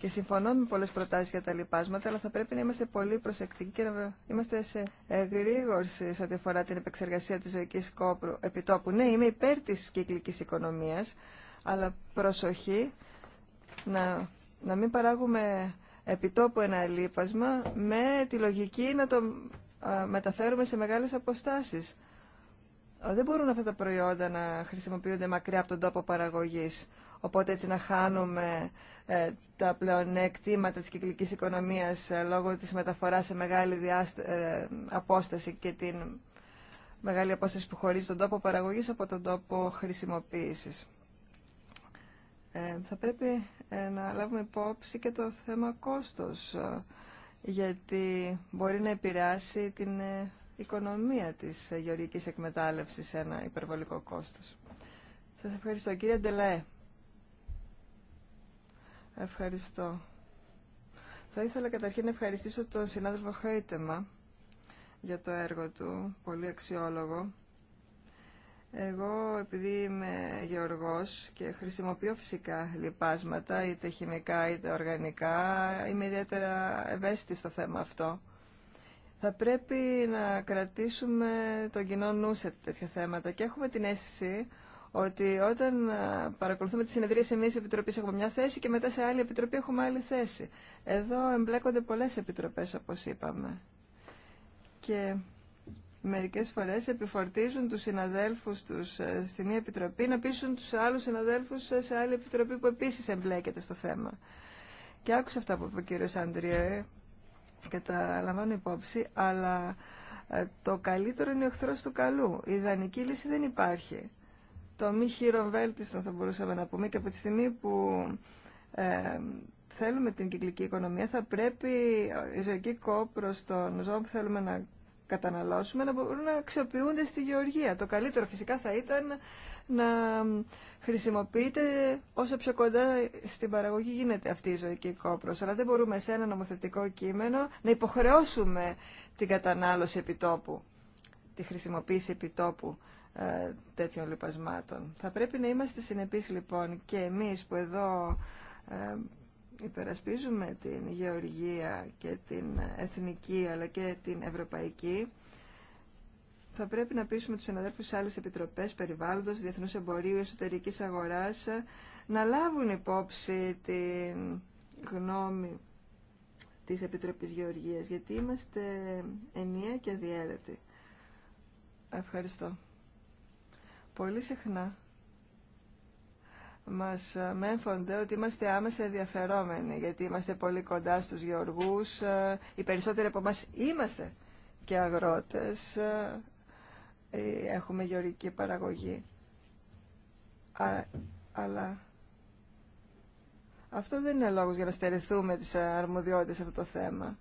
Και συμφωνώ με πολλές προτάσεις για τα λοιπάσματα, αλλά θα πρέπει να είμαστε πολύ προσεκτικοί και να είμαστε σε εγρήγορση σε ό,τι αφορά την επεξεργασία της ζωικής κόπρου επιτόπου. Ναι, είμαι υπέρ της κυκλικής οικονομίας, αλλά προσοχή να, μην παράγουμε επιτόπου ένα λοιπάσμα με τη λογική να το μεταφέρουμε σε μεγάλες αποστάσεις. Δεν μπορούν αυτά τα προϊόντα να χρησιμοποιούνται μακριά από τον τόπο παραγωγής οπότε έτσι να χάνουμε ε, τα πλεονέκτηματα της κυκλικής οικονομίας ε, λόγω της μεταφοράς σε μεγάλη διάστα... Ε, απόσταση και την μεγάλη απόσταση που χωρίζει τον τόπο παραγωγής από τον τόπο χρησιμοποίησης. θα πρέπει να λάβουμε υπόψη και το θέμα κόστος, γιατί μπορεί να επηρεάσει την οικονομία της γεωργικής εκμετάλλευσης σε ένα υπερβολικό κόστος. Σας ευχαριστώ. Κύριε Ντελαέ. Ευχαριστώ. Θα ήθελα καταρχήν να ευχαριστήσω τον συνάδελφο Χαϊτεμα για το έργο του, πολύ αξιόλογο. Εγώ επειδή είμαι γεωργός και χρησιμοποιώ φυσικά λιπάσματα, είτε χημικά είτε οργανικά, είμαι ιδιαίτερα ευαίσθητη στο θέμα αυτό. Θα πρέπει να κρατήσουμε τον κοινό νου σε τέτοια θέματα και έχουμε την αίσθηση ότι όταν ε, παρακολουθούμε τις συνεδρίες εμείς επιτροπής έχουμε μια θέση και μετά σε άλλη επιτροπή έχουμε άλλη θέση. Εδώ εμπλέκονται πολλές επιτροπές όπως είπαμε. Και μερικές φορές επιφορτίζουν τους συναδέλφους τους ε, στη μία επιτροπή να πείσουν τους άλλους συναδέλφους ε, σε άλλη επιτροπή που επίσης εμπλέκεται στο θέμα. Και άκουσα αυτά που είπε ο κύριος Αντριέ και τα λαμβάνω υπόψη, αλλά το καλύτερο είναι ο εχθρός του καλού. Η ιδανική λύση δεν υπάρχει το μη χειροβέλτιστο θα μπορούσαμε να πούμε και από τη στιγμή που ε, θέλουμε την κυκλική οικονομία θα πρέπει ε, η ζωική κόπρος των ζώων που θέλουμε να καταναλώσουμε να μπορούν να αξιοποιούνται στη γεωργία. Το καλύτερο φυσικά θα ήταν να χρησιμοποιείται όσο πιο κοντά στην παραγωγή γίνεται αυτή η ζωική κόπρος. Αλλά δεν μπορούμε σε ένα νομοθετικό κείμενο να υποχρεώσουμε την κατανάλωση επιτόπου, τη χρησιμοποίηση επιτόπου ε, τέτοιων λοιπασμάτων. Θα πρέπει να είμαστε συνεπείς λοιπόν και εμείς που εδώ ε, υπερασπίζουμε την γεωργία και την εθνική αλλά και την ευρωπαϊκή θα πρέπει να πείσουμε τους συναδέλφους σε άλλες επιτροπές περιβάλλοντος, διεθνούς εμπορίου, εσωτερικής αγοράς να λάβουν υπόψη την γνώμη της Επιτροπής Γεωργίας γιατί είμαστε ενία και αδιέρετοι. Ευχαριστώ πολύ συχνά μας ε, μένφονται ότι είμαστε άμεσα ενδιαφερόμενοι, γιατί είμαστε πολύ κοντά στους γεωργούς. Ε, οι περισσότεροι από μας είμαστε και αγρότες, ε, έχουμε γεωργική παραγωγή. Α, αλλά αυτό δεν είναι λόγος για να στερηθούμε τις αρμοδιότητες σε αυτό το θέμα.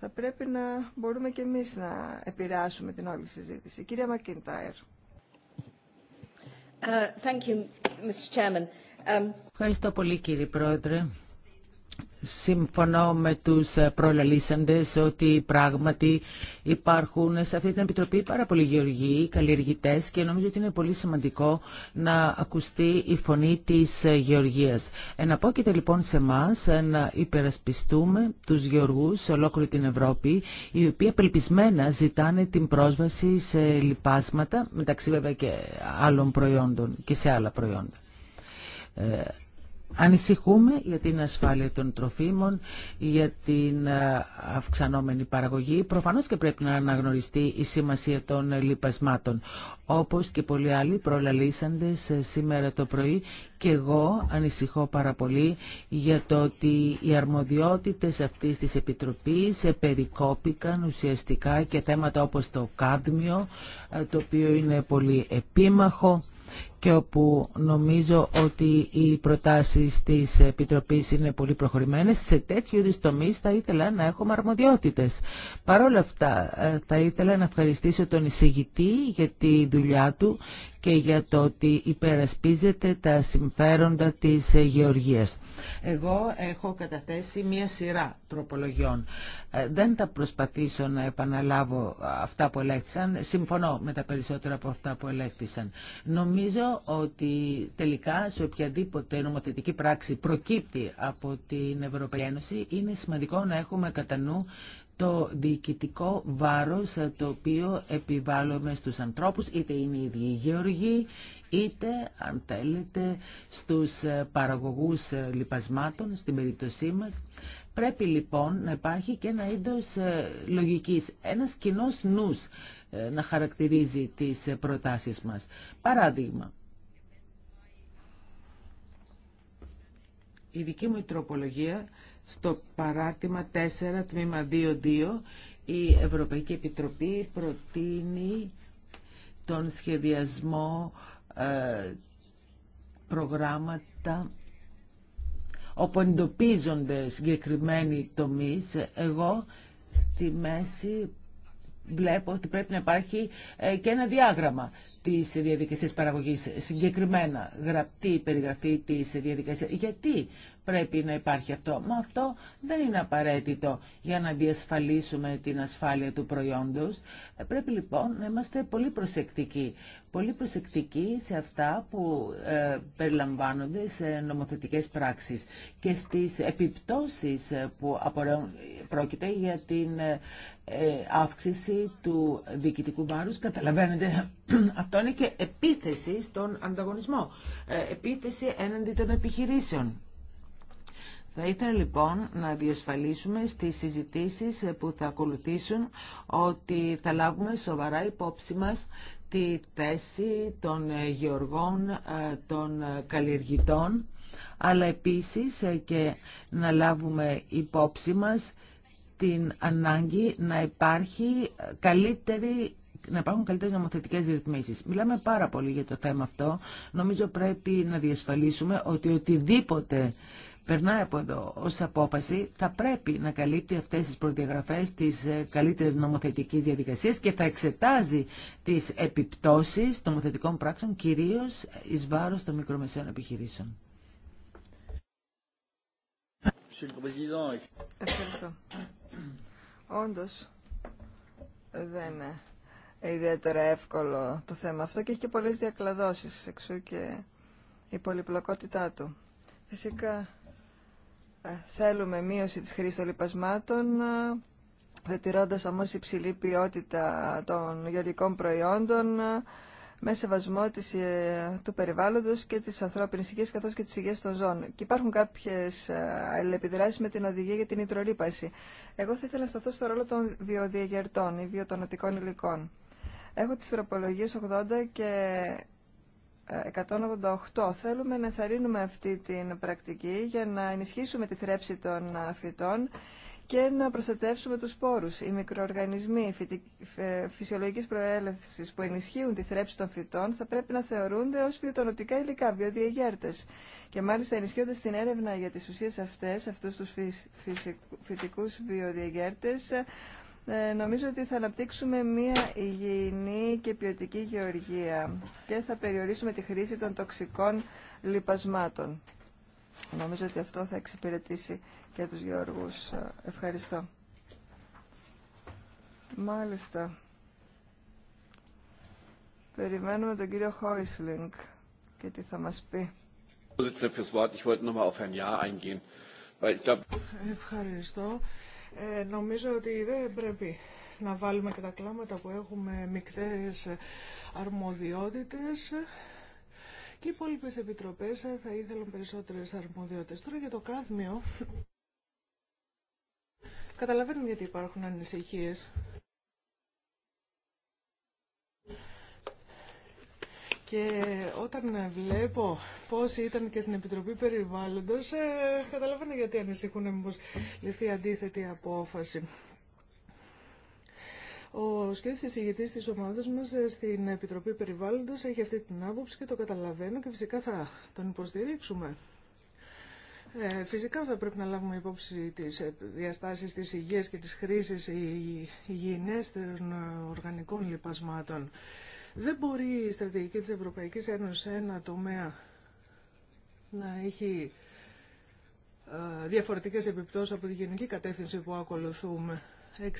θα πρέπει να μπορούμε και εμείς να επηρεάσουμε την όλη συζήτηση. Κυρία Μακίνταερ. Uh, Um... Ευχαριστώ πολύ κύριε Πρόεδρε. Συμφωνώ με τους ε, προλαλήσαντες ότι πράγματι υπάρχουν σε αυτή την Επιτροπή πάρα πολλοί γεωργοί, καλλιεργητές και νομίζω ότι είναι πολύ σημαντικό να ακουστεί η φωνή της ε, γεωργίας. Εναπόκειται λοιπόν σε εμά ε, να υπερασπιστούμε τους γεωργούς σε ολόκληρη την Ευρώπη οι οποίοι απελπισμένα ζητάνε την πρόσβαση σε λοιπάσματα μεταξύ βέβαια και άλλων προϊόντων και σε άλλα προϊόντα. Ανησυχούμε για την ασφάλεια των τροφίμων, για την ε, αυξανόμενη παραγωγή. Προφανώς και πρέπει να αναγνωριστεί η σημασία των λιπασμάτων. Όπως και πολλοί άλλοι προλαλήσαντες ε, σήμερα το πρωί και εγώ ανησυχώ πάρα πολύ για το ότι οι αρμοδιότητες αυτής της Επιτροπής ε, περικόπηκαν ουσιαστικά και θέματα όπως το κάδμιο, το οποίο είναι πολύ επίμαχο και όπου νομίζω ότι οι προτάσεις της Επιτροπής είναι πολύ προχωρημένες. Σε τέτοιου είδους τομείς θα ήθελα να έχουμε αρμοδιότητες. Παρ' όλα αυτά ε, θα ήθελα να ευχαριστήσω τον εισηγητή για τη δουλειά του και για το ότι υπερασπίζεται τα συμφέροντα της ε, γεωργίας. Εγώ έχω καταθέσει μία σειρά τροπολογιών. Ε, δεν θα προσπαθήσω να επαναλάβω αυτά που ελέγχθησαν. Συμφωνώ με τα περισσότερα από αυτά που ελέγχθησαν. Νομίζω ότι τελικά σε οποιαδήποτε νομοθετική πράξη προκύπτει από την Ευρωπαϊκή Ένωση είναι σημαντικό να έχουμε κατά νου το διοικητικό βάρος το οποίο επιβάλλουμε στους ανθρώπους, είτε είναι οι ίδιοι γεωργοί, είτε αν θέλετε στους ε, παραγωγούς ε, λιπασμάτων στην περίπτωσή μας. Πρέπει λοιπόν να υπάρχει και ένα είδος ε, λογικής, ένας κοινό νους να χαρακτηρίζει τις προτάσεις μας. Παράδειγμα, η δική μου τροπολογία στο παράτημα 4 τμήμα 2.2 η Ευρωπαϊκή Επιτροπή προτείνει τον σχεδιασμό ε, προγράμματα όπου εντοπίζονται συγκεκριμένοι τομείς. Εγώ στη μέση βλέπω ότι πρέπει να υπάρχει ε, και ένα διάγραμμα της διαδικασίας παραγωγής, συγκεκριμένα γραπτή περιγραφή της διαδικασίας. Γιατί πρέπει να υπάρχει αυτό. Μα αυτό δεν είναι απαραίτητο για να διασφαλίσουμε την ασφάλεια του προϊόντος. Ε, πρέπει λοιπόν να είμαστε πολύ προσεκτικοί. Πολύ προσεκτικοί σε αυτά που ε, περιλαμβάνονται σε νομοθετικές πράξεις και στις επιπτώσεις ε, που απορρέουν, πρόκειται για την αύξηση του διοικητικού βάρους. Καταλαβαίνετε, αυτό είναι και επίθεση στον ανταγωνισμό, επίθεση έναντι των επιχειρήσεων. Θα ήθελα λοιπόν να διασφαλίσουμε στις συζητήσεις που θα ακολουθήσουν ότι θα λάβουμε σοβαρά υπόψη μας τη θέση των γεωργών, ε, των καλλιεργητών, αλλά επίσης ε, και να λάβουμε υπόψη μας την ανάγκη να υπάρχει καλύτερη να υπάρχουν καλύτερε νομοθετικέ ρυθμίσει. Μιλάμε πάρα πολύ για το θέμα αυτό. Νομίζω πρέπει να διασφαλίσουμε ότι οτιδήποτε περνάει από εδώ ως απόφαση θα πρέπει να καλύπτει αυτές τις προδιαγραφές της ε, καλύτερης νομοθετικής διαδικασίας και θα εξετάζει τις επιπτώσεις των νομοθετικών πράξεων κυρίως εις βάρος των μικρομεσαίων επιχειρήσεων. Ευχαριστώ. Όντως δεν είναι ιδιαίτερα εύκολο το θέμα αυτό και έχει και πολλές διακλαδώσεις εξού και η πολυπλοκότητά του. Φυσικά ε, θέλουμε μείωση της χρήσης των λιπασμάτων, ε, διατηρώντας όμως υψηλή ποιότητα των γεωργικών προϊόντων, ε, με σεβασμό της, του περιβάλλοντος και της ανθρώπινης υγείας καθώς και της υγείας των ζώων. Και υπάρχουν κάποιες αλληλεπιδράσεις με την οδηγία για την ιτρορύπαση. Εγώ θα ήθελα να σταθώ στο ρόλο των βιοδιαγερτών ή βιοτονοτικών υλικών. Έχω τις τροπολογίες 80 και 188. Θέλουμε να ενθαρρύνουμε αυτή την πρακτική για να ενισχύσουμε τη θρέψη των φυτών και να προστατεύσουμε τους σπόρους. Οι μικροοργανισμοί φυσιολογικής προέλευσης που ενισχύουν τη θρέψη των φυτών θα πρέπει να θεωρούνται ως βιοτονοτικά υλικά, βιοδιαγέρτες. Και μάλιστα ενισχύονται την έρευνα για τις ουσίες αυτές, αυτούς τους φυσικούς βιοδιαγέρτες, ε, νομίζω ότι θα αναπτύξουμε μία υγιεινή και ποιοτική γεωργία και θα περιορίσουμε τη χρήση των τοξικών λιπασμάτων. Νομίζω ότι αυτό θα εξυπηρετήσει και τους γεωργούς. Ευχαριστώ. Μάλιστα. Περιμένουμε τον κύριο Χόισλινγκ και τι θα μας πει. Ευχαριστώ. Ε, νομίζω ότι δεν πρέπει να βάλουμε και τα κλάματα που έχουμε μικτές αρμοδιότητες και οι υπόλοιπες επιτροπές θα ήθελαν περισσότερες αρμοδιότητες. Τώρα για το κάδμιο, καταλαβαίνουμε γιατί υπάρχουν ανησυχίες Και όταν βλέπω πώς ήταν και στην Επιτροπή Περιβάλλοντος, ε, καταλαβαίνω γιατί ανησυχούν μήπως ληφθεί αντίθετη απόφαση. Ο της ηγητή τη ομάδα μα ε, στην Επιτροπή Περιβάλλοντο έχει αυτή την άποψη και το καταλαβαίνω και φυσικά θα τον υποστηρίξουμε. Ε, φυσικά θα πρέπει να λάβουμε υπόψη τις ε, διαστάσεις της υγείας και της χρήσης υγιεινέστερων οργανικών λοιπασμάτων. Δεν μπορεί η στρατηγική της Ευρωπαϊκής Ένωσης σε ένα τομέα να έχει ε, διαφορετικές επιπτώσεις από τη γενική κατεύθυνση που ακολουθούμε. 60% ε,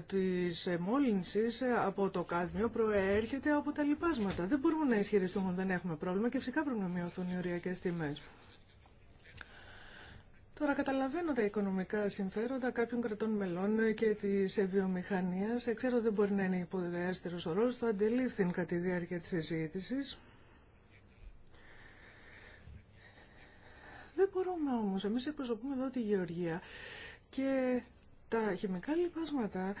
της μόλυνσης από το κάδμιο προέρχεται από τα λοιπάσματα. Δεν μπορούμε να ισχυριστούμε ότι δεν έχουμε πρόβλημα και φυσικά πρέπει να μειωθούν οι οριακές τιμές. Τώρα καταλαβαίνω τα οικονομικά συμφέροντα κάποιων κρατών μελών και τη βιομηχανία. Ξέρω δεν μπορεί να είναι υποδεέστερο ο ρόλο. Το αντελήφθην κατά τη διάρκεια τη συζήτηση. Δεν μπορούμε όμω. Εμεί εκπροσωπούμε εδώ τη γεωργία. Και τα χημικά λοιπάσματα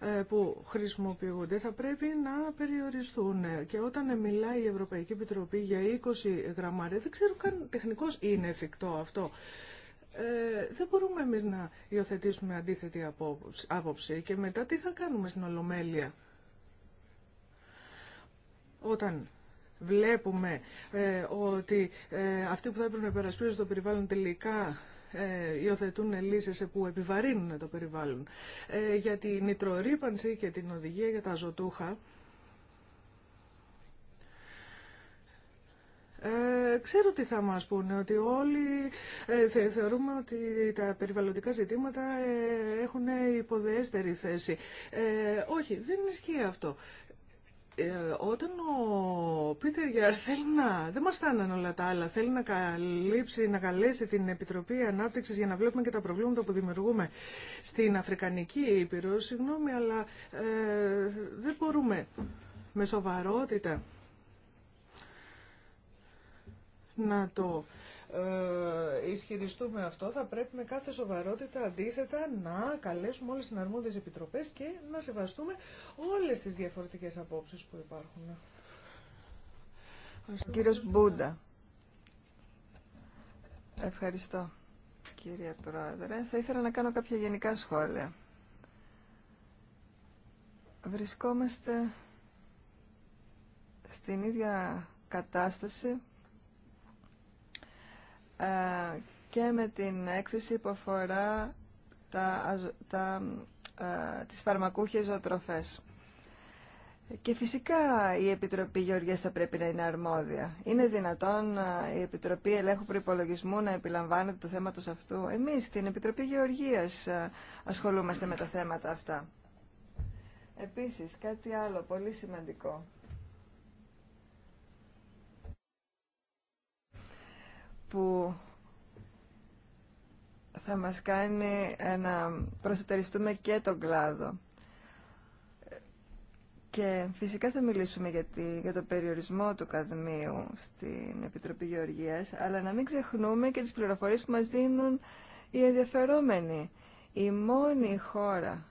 ε, που χρησιμοποιούνται θα πρέπει να περιοριστούν. Και όταν μιλάει η Ευρωπαϊκή Επιτροπή για 20 γραμμάρια, δεν ξέρω καν τεχνικώς είναι εφικτό αυτό. Ε, δεν μπορούμε εμείς να υιοθετήσουμε αντίθετη άποψη και μετά τι θα κάνουμε στην Ολομέλεια. Όταν βλέπουμε ε, ότι ε, αυτοί που θα έπρεπε να υπερασπίζουν το περιβάλλον τελικά ε, υιοθετούν λύσει που επιβαρύνουν το περιβάλλον. Ε, για την νητρορύπανση και την οδηγία για τα ζωτούχα, Ε, ξέρω τι θα μας πούνε, ότι όλοι ε, θε, θεωρούμε ότι τα περιβαλλοντικά ζητήματα ε, έχουν υποδεέστερη θέση. όχι, δεν ισχύει αυτό. Ε, όταν ο Πίτερ Γιάρ θέλει να, δεν μας όλα τα άλλα, θέλει να καλύψει, να καλέσει την Επιτροπή Ανάπτυξης για να βλέπουμε και τα προβλήματα που δημιουργούμε στην Αφρικανική Ήπειρο, συγγνώμη, αλλά ε, δεν μπορούμε με σοβαρότητα να το ε, ισχυριστούμε αυτό, θα πρέπει με κάθε σοβαρότητα αντίθετα να καλέσουμε όλες τις αρμόδιες επιτροπές και να σεβαστούμε όλες τις διαφορετικές απόψεις που υπάρχουν. Ο κύριος Μπούντα. Ευχαριστώ, κύριε Πρόεδρε. Θα ήθελα να κάνω κάποια γενικά σχόλια. Βρισκόμαστε στην ίδια κατάσταση ε, και με την έκθεση που αφορά τα, τα, ε, τις φαρμακούχες ζωοτροφές. Και φυσικά η Επιτροπή Γεωργίας θα πρέπει να είναι αρμόδια. Είναι δυνατόν ε, η Επιτροπή Ελέγχου Προϋπολογισμού να επιλαμβάνεται του τους αυτού. Εμείς στην Επιτροπή Γεωργίας ε, ασχολούμαστε με τα θέματα αυτά. Επίσης, κάτι άλλο πολύ σημαντικό. που θα μας κάνει να προσετεριστούμε και τον κλάδο. Και φυσικά θα μιλήσουμε για, για το περιορισμό του καδμίου στην Επιτροπή Γεωργίας, αλλά να μην ξεχνούμε και τις πληροφορίες που μας δίνουν οι ενδιαφερόμενοι. Η μόνη χώρα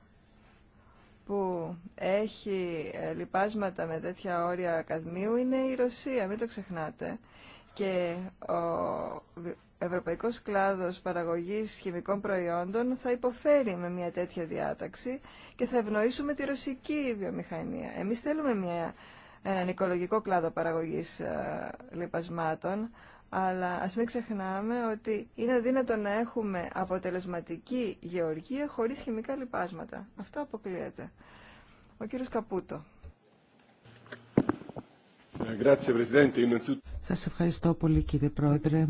που έχει ε, λιπάσματα με τέτοια όρια καδμίου είναι η Ρωσία, μην το ξεχνάτε και ο ευρωπαϊκός κλάδος παραγωγής χημικών προϊόντων θα υποφέρει με μια τέτοια διάταξη και θα ευνοήσουμε τη ρωσική βιομηχανία. Εμείς θέλουμε μια, έναν οικολογικό κλάδο παραγωγής α, ε, λιπασμάτων, αλλά ας μην ξεχνάμε ότι είναι δύνατο να έχουμε αποτελεσματική γεωργία χωρίς χημικά λιπάσματα. Αυτό αποκλείεται. Ο κύριος Καπούτο. Ε, Σας ευχαριστώ πολύ κύριε Πρόεδρε.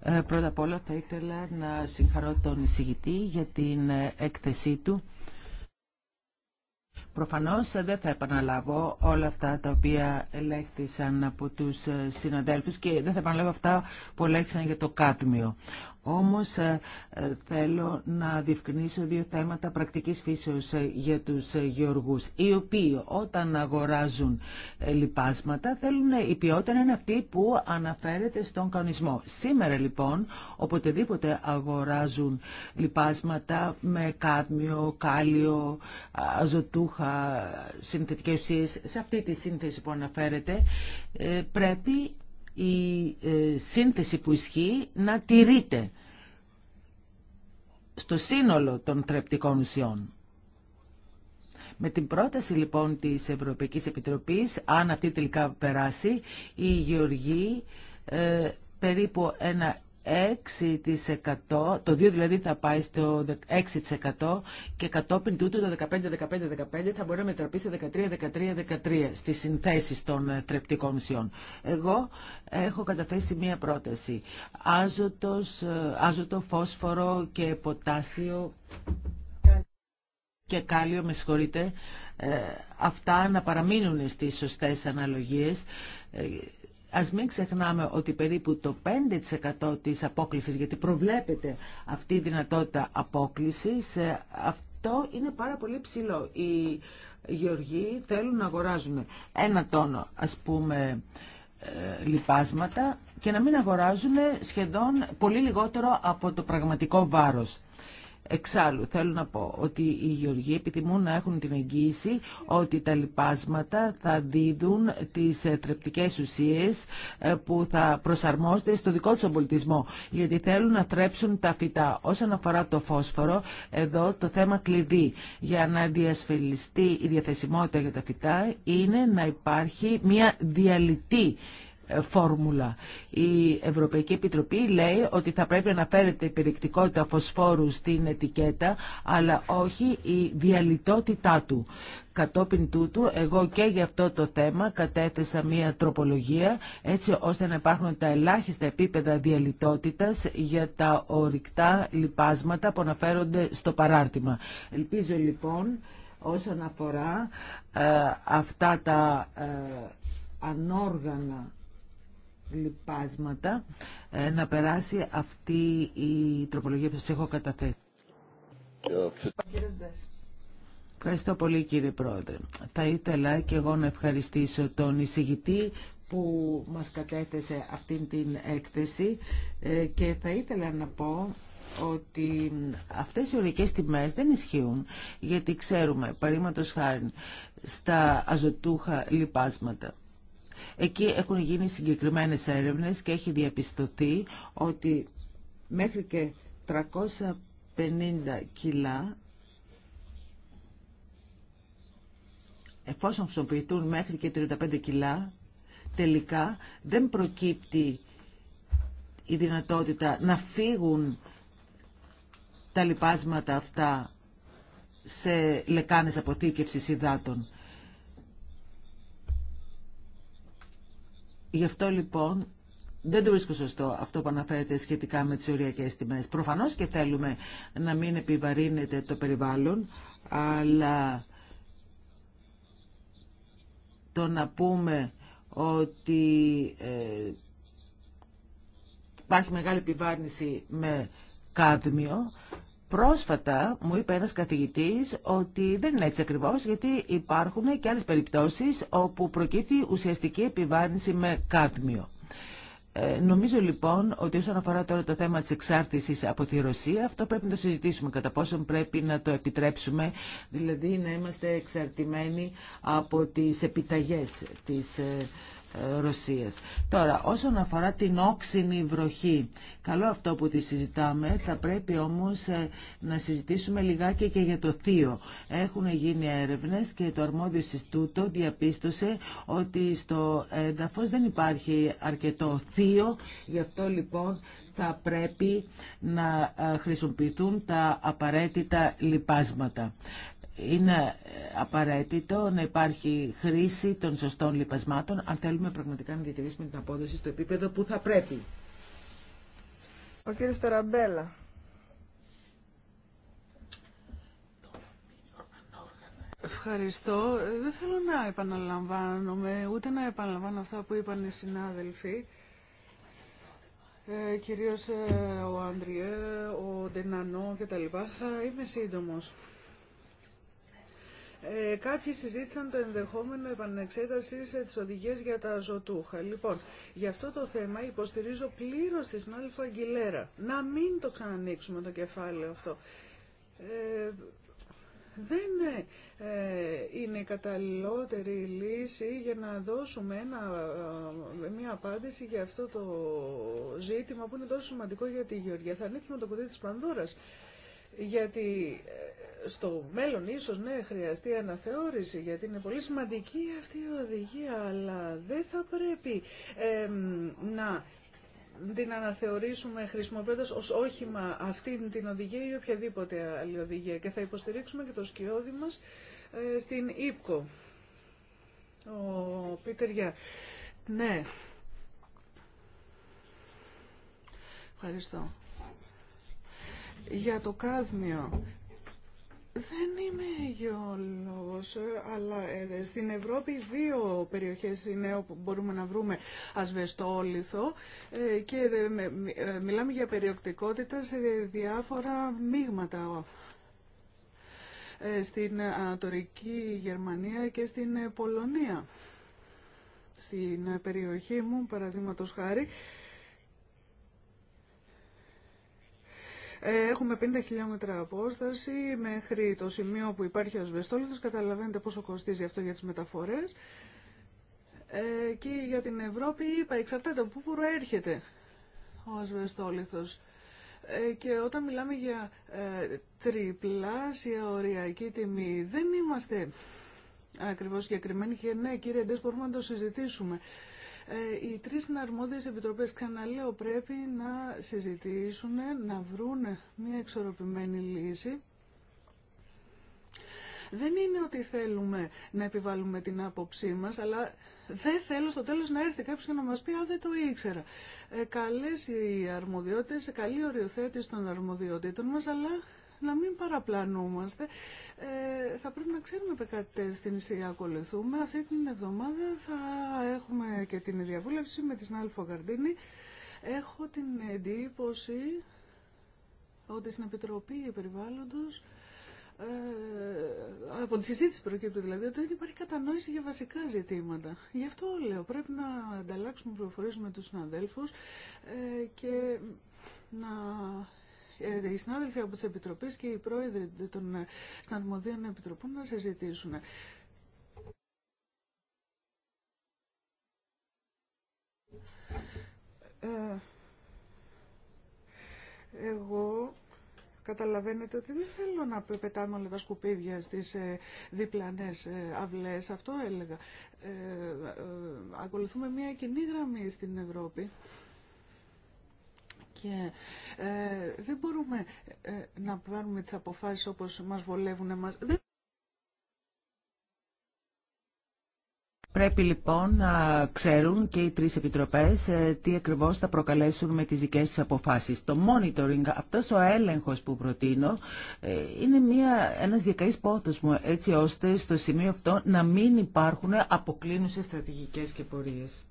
Ε, πρώτα απ' όλα θα ήθελα να συγχαρώ τον εισηγητή για την ε, έκθεσή του. Προφανώς δεν θα επαναλάβω όλα αυτά τα οποία ελέγχθησαν από τους συναδέλφους και δεν θα επαναλάβω αυτά που ελέγχθησαν για το κάτμιο. Όμως ε, ε, θέλω να διευκρινίσω δύο θέματα πρακτικής φύσεως ε, για τους γεωργούς, οι οποίοι όταν αγοράζουν λιπάσματα θέλουν η ποιότητα είναι αυτή που αναφέρεται στον κανονισμό. Σήμερα λοιπόν, οποτεδήποτε αγοράζουν λιπάσματα με κάδμιο, κάλιο, αζωτούχα, συνθετικές ουσίες, σε αυτή τη σύνθεση που αναφέρεται, πρέπει η ε, σύνθεση που ισχύει να τηρείται στο σύνολο των θρεπτικών ουσιών. Με την πρόταση λοιπόν της Ευρωπαϊκής Επιτροπής, αν αυτή τελικά περάσει, η υγειοργή ε, περίπου ένα 6%, το 2 δηλαδή θα πάει στο 6% και κατόπιν τούτου το 15-15-15 θα μπορεί να μετραπεί σε 13-13-13 στις συνθέσεις των θρεπτικών ε, ουσιών. Εγώ έχω καταθέσει μία πρόταση. Άζωτος, ε, άζωτο, φόσφορο και ποτάσιο και κάλιο, με συγχωρείτε, ε, αυτά να παραμείνουν στις σωστές αναλογίες Ας μην ξεχνάμε ότι περίπου το 5% της απόκλησης, γιατί προβλέπεται αυτή η δυνατότητα απόκλησης, ε, αυτό είναι πάρα πολύ ψηλό. Οι γεωργοί θέλουν να αγοράζουν ένα τόνο, ας πούμε, ε, λιπάσματα και να μην αγοράζουν σχεδόν πολύ λιγότερο από το πραγματικό βάρος. Εξάλλου, θέλω να πω ότι οι γεωργοί επιθυμούν να έχουν την εγγύηση ότι τα λοιπάσματα θα δίδουν τις τρεπτικές ουσίες ε, που θα προσαρμόζονται στο δικό τους πολιτισμό, γιατί θέλουν να θρέψουν τα φυτά. Όσον αφορά το φόσφορο, εδώ το θέμα κλειδί για να διασφαλιστεί η διαθεσιμότητα για τα φυτά είναι να υπάρχει μια διαλυτή ε, φόρμουλα. Η Ευρωπαϊκή Επιτροπή λέει ότι θα πρέπει να φέρεται η περιεκτικότητα φωσφόρου στην ετικέτα, αλλά όχι η διαλυτότητά του. Κατόπιν τούτου, εγώ και για αυτό το θέμα κατέθεσα μία τροπολογία, έτσι ώστε να υπάρχουν τα ελάχιστα επίπεδα διαλυτότητας για τα ορυκτά λιπάσματα που αναφέρονται στο παράρτημα. Ελπίζω λοιπόν, όσον αφορά ε, αυτά τα ε, ανόργανα λοιπάσματα ε, να περάσει αυτή η τροπολογία που σας έχω καταθέσει. Ευχαριστώ πολύ κύριε Πρόεδρε. Θα ήθελα και εγώ να ευχαριστήσω τον εισηγητή που μας κατέθεσε αυτήν την έκθεση ε, και θα ήθελα να πω ότι αυτές οι ορικές τιμές δεν ισχύουν γιατί ξέρουμε παρήματος χάρη στα αζωτούχα λοιπάσματα Εκεί έχουν γίνει συγκεκριμένες έρευνες και έχει διαπιστωθεί ότι μέχρι και 350 κιλά εφόσον χρησιμοποιηθούν μέχρι και 35 κιλά τελικά δεν προκύπτει η δυνατότητα να φύγουν τα λοιπάσματα αυτά σε λεκάνες αποθήκευσης υδάτων. Γι' αυτό λοιπόν δεν το βρίσκω σωστό αυτό που αναφέρεται σχετικά με τις οριακές τιμές. Προφανώς και θέλουμε να μην επιβαρύνεται το περιβάλλον, αλλά το να πούμε ότι ε, υπάρχει μεγάλη επιβάρυνση με κάδμιο, Πρόσφατα μου είπε ένας καθηγητής ότι δεν είναι έτσι ακριβώς γιατί υπάρχουν και άλλες περιπτώσεις όπου προκύπτει ουσιαστική επιβάρυνση με κάδμιο. Ε, νομίζω λοιπόν ότι όσον αφορά τώρα το θέμα της εξάρτησης από τη Ρωσία, αυτό πρέπει να το συζητήσουμε κατά πόσον πρέπει να το επιτρέψουμε, δηλαδή να είμαστε εξαρτημένοι από τις επιταγές της ε, Ρωσίας. Τώρα, όσον αφορά την όξινη βροχή, καλό αυτό που τη συζητάμε, θα πρέπει όμως ε, να συζητήσουμε λιγάκι και για το θείο. Έχουν γίνει έρευνες και το αρμόδιο συστούτο διαπίστωσε ότι στο έδαφος δεν υπάρχει αρκετό θείο, γι' αυτό λοιπόν θα πρέπει να ε, χρησιμοποιηθούν τα απαραίτητα λιπάσματα είναι ε, απαραίτητο να υπάρχει χρήση των σωστών λοιπασμάτων αν θέλουμε πραγματικά να διατηρήσουμε την απόδοση στο επίπεδο που θα πρέπει. Ο κύριος Ευχαριστώ. Ε, δεν θέλω να επαναλαμβάνομαι, ούτε να επαναλαμβάνω αυτά που είπαν οι συνάδελφοι. Ε, κυρίως ε, ο Αντριέ, ο Ντενανό και τα λοιπά. Θα είμαι σύντομος. Ε, κάποιοι συζήτησαν το ενδεχόμενο επανεξέταση ε, τη οδηγία για τα ζωτούχα. Λοιπόν, για αυτό το θέμα υποστηρίζω πλήρω τη συνάδελφα Αγγιλέρα. Να μην το ξανανοίξουμε το κεφάλαιο αυτό. Ε, δεν ε, είναι καταλληλότερη λύση για να δώσουμε ένα, ε, μια απάντηση για αυτό το ζήτημα που είναι τόσο σημαντικό για τη Γεωργία. Θα ανοίξουμε το κουτί της Πανδώρας. Γιατί ε, στο μέλλον ίσως ναι χρειαστεί αναθεώρηση γιατί είναι πολύ σημαντική αυτή η οδηγία αλλά δεν θα πρέπει να την αναθεωρήσουμε χρησιμοποιώντας ως όχημα αυτή την οδηγία ή οποιαδήποτε άλλη οδηγία και θα υποστηρίξουμε και το σκιώδη μας ε, στην ΥΠΚΟ. Ο Πίτερ Γιά. Ναι. Ευχαριστώ. Για το κάδμιο δεν είμαι γεωλόγος, αλλά ε, στην Ευρώπη δύο περιοχές είναι όπου μπορούμε να βρούμε ασβεστόλιθο ε, και ε, μιλάμε για περιοκτικότητα σε διάφορα μείγματα στην ανατολική Γερμανία και στην Πολωνία. Στην περιοχή μου, παραδείγματος χάρη, Έχουμε 50 χιλιόμετρα απόσταση μέχρι το σημείο που υπάρχει ο σβεστόλιθος. Καταλαβαίνετε πόσο κοστίζει αυτό για τις μεταφορές. Ε, και για την Ευρώπη, είπα, εξαρτάται από πού προέρχεται ο ασβεστόλιθος. Ε, και όταν μιλάμε για ε, τριπλάσια οριακή τιμή, δεν είμαστε ακριβώς συγκεκριμένοι. Και ναι, κύριε Ντέσπορ, μπορούμε να το συζητήσουμε. Ε, οι τρει αρμόδιες επιτροπές, ξαναλέω, πρέπει να συζητήσουν, να βρουν μια εξορροπημένη λύση. Δεν είναι ότι θέλουμε να επιβάλλουμε την άποψή μας, αλλά δεν θέλω στο τέλος να έρθει κάποιος και να μας πει «Α, δεν το ήξερα». Ε, καλές οι αρμοδιότητες, καλή οριοθέτηση των αρμοδιότητων μας, αλλά να μην παραπλανούμαστε. Ε, θα πρέπει να ξέρουμε με κατεύθυνση ακολουθούμε. Αυτή την εβδομάδα θα έχουμε και την διαβούλευση με τη Σνάλφο Γκαρντίνη. Έχω την εντύπωση ότι στην Επιτροπή Περιβάλλοντος ε, από τη συζήτηση προκύπτει δηλαδή ότι δεν υπάρχει κατανόηση για βασικά ζητήματα. Γι' αυτό λέω πρέπει να ανταλλάξουμε πληροφορίες με τους συναδέλφους ε, και να ε, οι συνάδελφοι από τι Επιτροπέ και οι πρόεδροι των ε, αρμοδίων επιτροπών να συζητήσουν. Ε, εγώ καταλαβαίνετε ότι δεν θέλω να πετάμε όλα τα σκουπίδια στις διπλανές αυλές. Αυτό έλεγα. ακολουθούμε μια κοινή γραμμή στην Ευρώπη και ε, δεν μπορούμε ε, να πάρουμε τις αποφάσεις όπως μας βολεύουν εμάς. Πρέπει λοιπόν να ξέρουν και οι τρεις επιτροπές ε, τι ακριβώς θα προκαλέσουν με τις δικές τους αποφάσεις. Το monitoring, αυτός ο έλεγχος που προτείνω, είναι μια, ένας διακαής πόθος μου, έτσι ώστε στο σημείο αυτό να μην υπάρχουν αποκλίνουσες στρατηγικές και πορείες.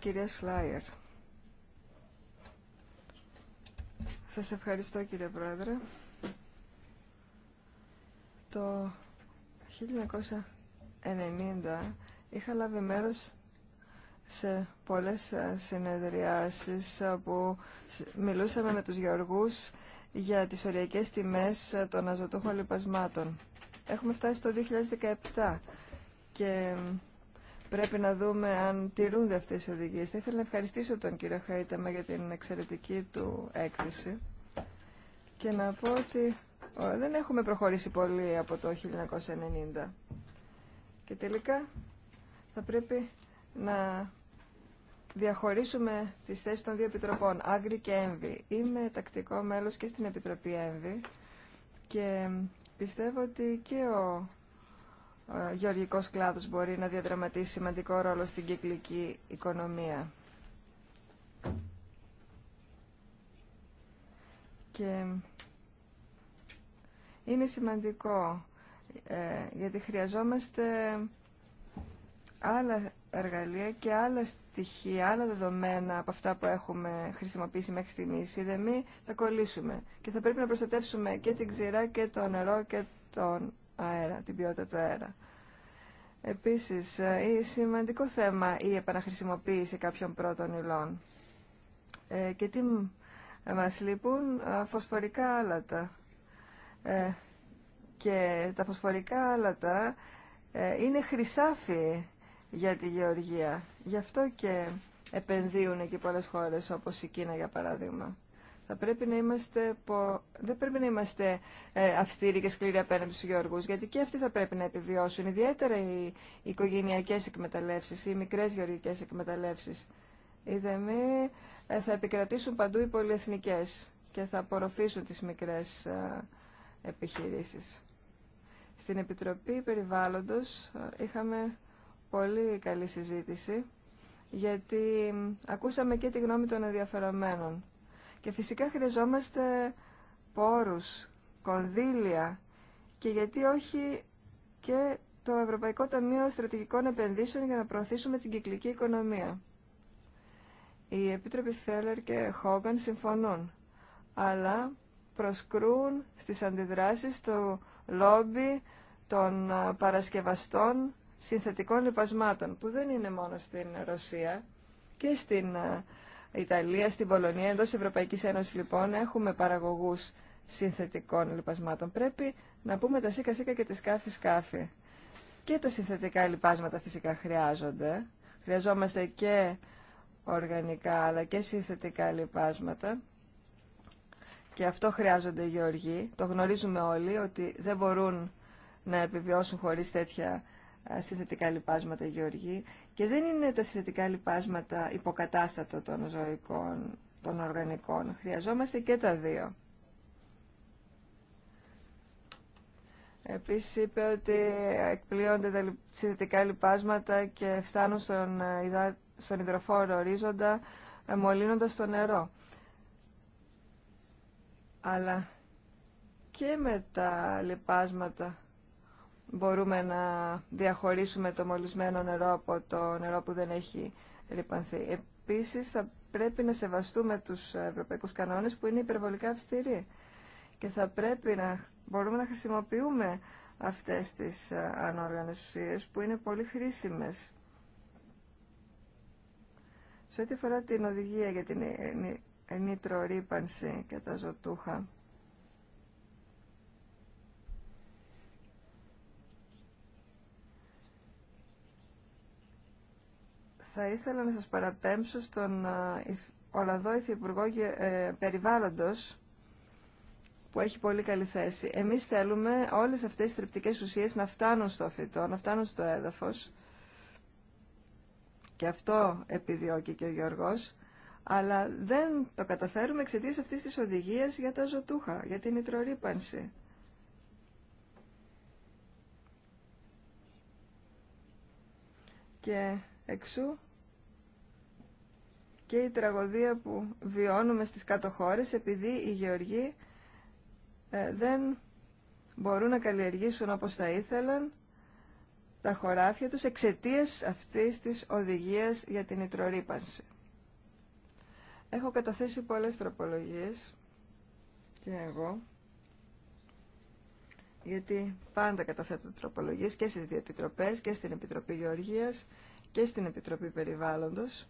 Κυρία Σλάιερ. Σας ευχαριστώ κύριε Πρόεδρε. Το 1990 είχα λάβει μέρος σε πολλές ε, συνεδριάσεις που μιλούσαμε με τους γεωργούς για τις οριακές τιμές ε, των αζωτούχων λοιπασμάτων. Έχουμε φτάσει το 2017 και πρέπει να δούμε αν τηρούνται αυτές οι οδηγίες. Θα ήθελα να ευχαριστήσω τον κύριο Χαΐταμα για την εξαιρετική του έκθεση και να πω ότι ε, δεν έχουμε προχωρήσει πολύ από το 1990. Και τελικά θα πρέπει να διαχωρίσουμε τις θέσεις των δύο επιτροπών, Άγκρη και Έμβη. Είμαι τακτικό μέλος και στην Επιτροπή Έμβη και πιστεύω ότι και ο ο ε, γεωργικός κλάδος μπορεί να διαδραματίσει σημαντικό ρόλο στην κυκλική οικονομία. Και είναι σημαντικό ε, γιατί χρειαζόμαστε άλλα εργαλεία και άλλα στοιχεία, άλλα δεδομένα από αυτά που έχουμε χρησιμοποιήσει μέχρι στιγμής. Οι μη, θα κολλήσουμε. Και θα πρέπει να προστατεύσουμε και την ξηρά και το νερό και τον αέρα, την ποιότητα του αέρα. Επίσης, ε, η σημαντικό θέμα η επαναχρησιμοποίηση κάποιων πρώτων υλών. Ε, και τι ε, μας λείπουν, φωσφορικά άλατα. και τα φωσφορικά άλατα είναι χρυσάφι για τη γεωργία. Γι' αυτό και επενδύουν εκεί πολλές χώρες, όπως η Κίνα για παράδειγμα. Θα πρέπει να είμαστε, δεν πρέπει να είμαστε ε, αυστηροί και σκληροί απέναντι στους γεωργούς, γιατί και αυτοί θα πρέπει να επιβιώσουν, ιδιαίτερα οι οικογενειακές εκμεταλλεύσεις, οι μικρές γεωργικές εκμεταλλεύσεις. Οι ε, θα επικρατήσουν παντού οι πολυεθνικές και θα απορροφήσουν τις μικρές ε, επιχειρήσεις. Στην Επιτροπή Περιβάλλοντος είχαμε πολύ καλή συζήτηση, γιατί ακούσαμε και τη γνώμη των ενδιαφερομένων. Και φυσικά χρειαζόμαστε πόρους, κονδύλια και γιατί όχι και το Ευρωπαϊκό Ταμείο Στρατηγικών Επενδύσεων για να προωθήσουμε την κυκλική οικονομία. Οι Επίτροποι Φέλερ και Χόγκαν συμφωνούν, αλλά προσκρούν στις αντιδράσεις του λόμπι των παρασκευαστών συνθετικών λοιπασμάτων, που δεν είναι μόνο στην Ρωσία και στην Ιταλία, στην Πολωνία, εντός Ευρωπαϊκής Ένωσης λοιπόν έχουμε παραγωγούς συνθετικών λιπασμάτων. Πρέπει να πούμε τα σίκα σίκα και τη σκάφη σκάφη. Και τα συνθετικά λιπάσματα φυσικά χρειάζονται. Χρειαζόμαστε και οργανικά αλλά και συνθετικά λιπάσματα. Και αυτό χρειάζονται οι γεωργοί. Το γνωρίζουμε όλοι ότι δεν μπορούν να επιβιώσουν χωρίς τέτοια συνθετικά λοιπάσματα, Γεωργή, και δεν είναι τα συνθετικά λοιπάσματα υποκατάστατο των ζωικών, των οργανικών. Χρειαζόμαστε και τα δύο. Επίσης είπε ότι εκπλείονται τα συνθετικά λοιπάσματα και φτάνουν στον, ε, στον υδροφόρο ορίζοντα ε, μολύνοντας το νερό. Αλλά και με τα λοιπάσματα μπορούμε να διαχωρίσουμε το μολυσμένο νερό από το νερό που δεν έχει ρηπανθεί. Επίσης θα πρέπει να σεβαστούμε τους ευρωπαϊκούς κανόνες που είναι υπερβολικά αυστηροί και θα πρέπει να μπορούμε να χρησιμοποιούμε αυτές τις ε, ανόργανες που είναι πολύ χρήσιμες. Σε ό,τι αφορά την οδηγία για την ε, ε, νητρορύπανση και τα ζωτούχα, Θα ήθελα να σας παραπέμψω στον ε, Ολλανδό Υφυπουργό ε, Περιβάλλοντος που έχει πολύ καλή θέση. Εμείς θέλουμε όλες αυτές τις θρεπτικές ουσίες να φτάνουν στο φυτό, να φτάνουν στο έδαφος και αυτό επιδιώκει και ο Γιώργος, αλλά δεν το καταφέρουμε εξαιτίας αυτής της οδηγίας για τα ζωτούχα, για την μητρορύπανση. Και εξού και η τραγωδία που βιώνουμε στις κάτω χώρες επειδή οι γεωργοί ε, δεν μπορούν να καλλιεργήσουν όπως θα ήθελαν τα χωράφια τους εξαιτίας αυτής της οδηγίας για την ιτρορύπανση. Έχω καταθέσει πολλές τροπολογίες και εγώ γιατί πάντα καταθέτω τροπολογίες και στις διεπιτροπές και στην Επιτροπή Γεωργίας και στην Επιτροπή Περιβάλλοντος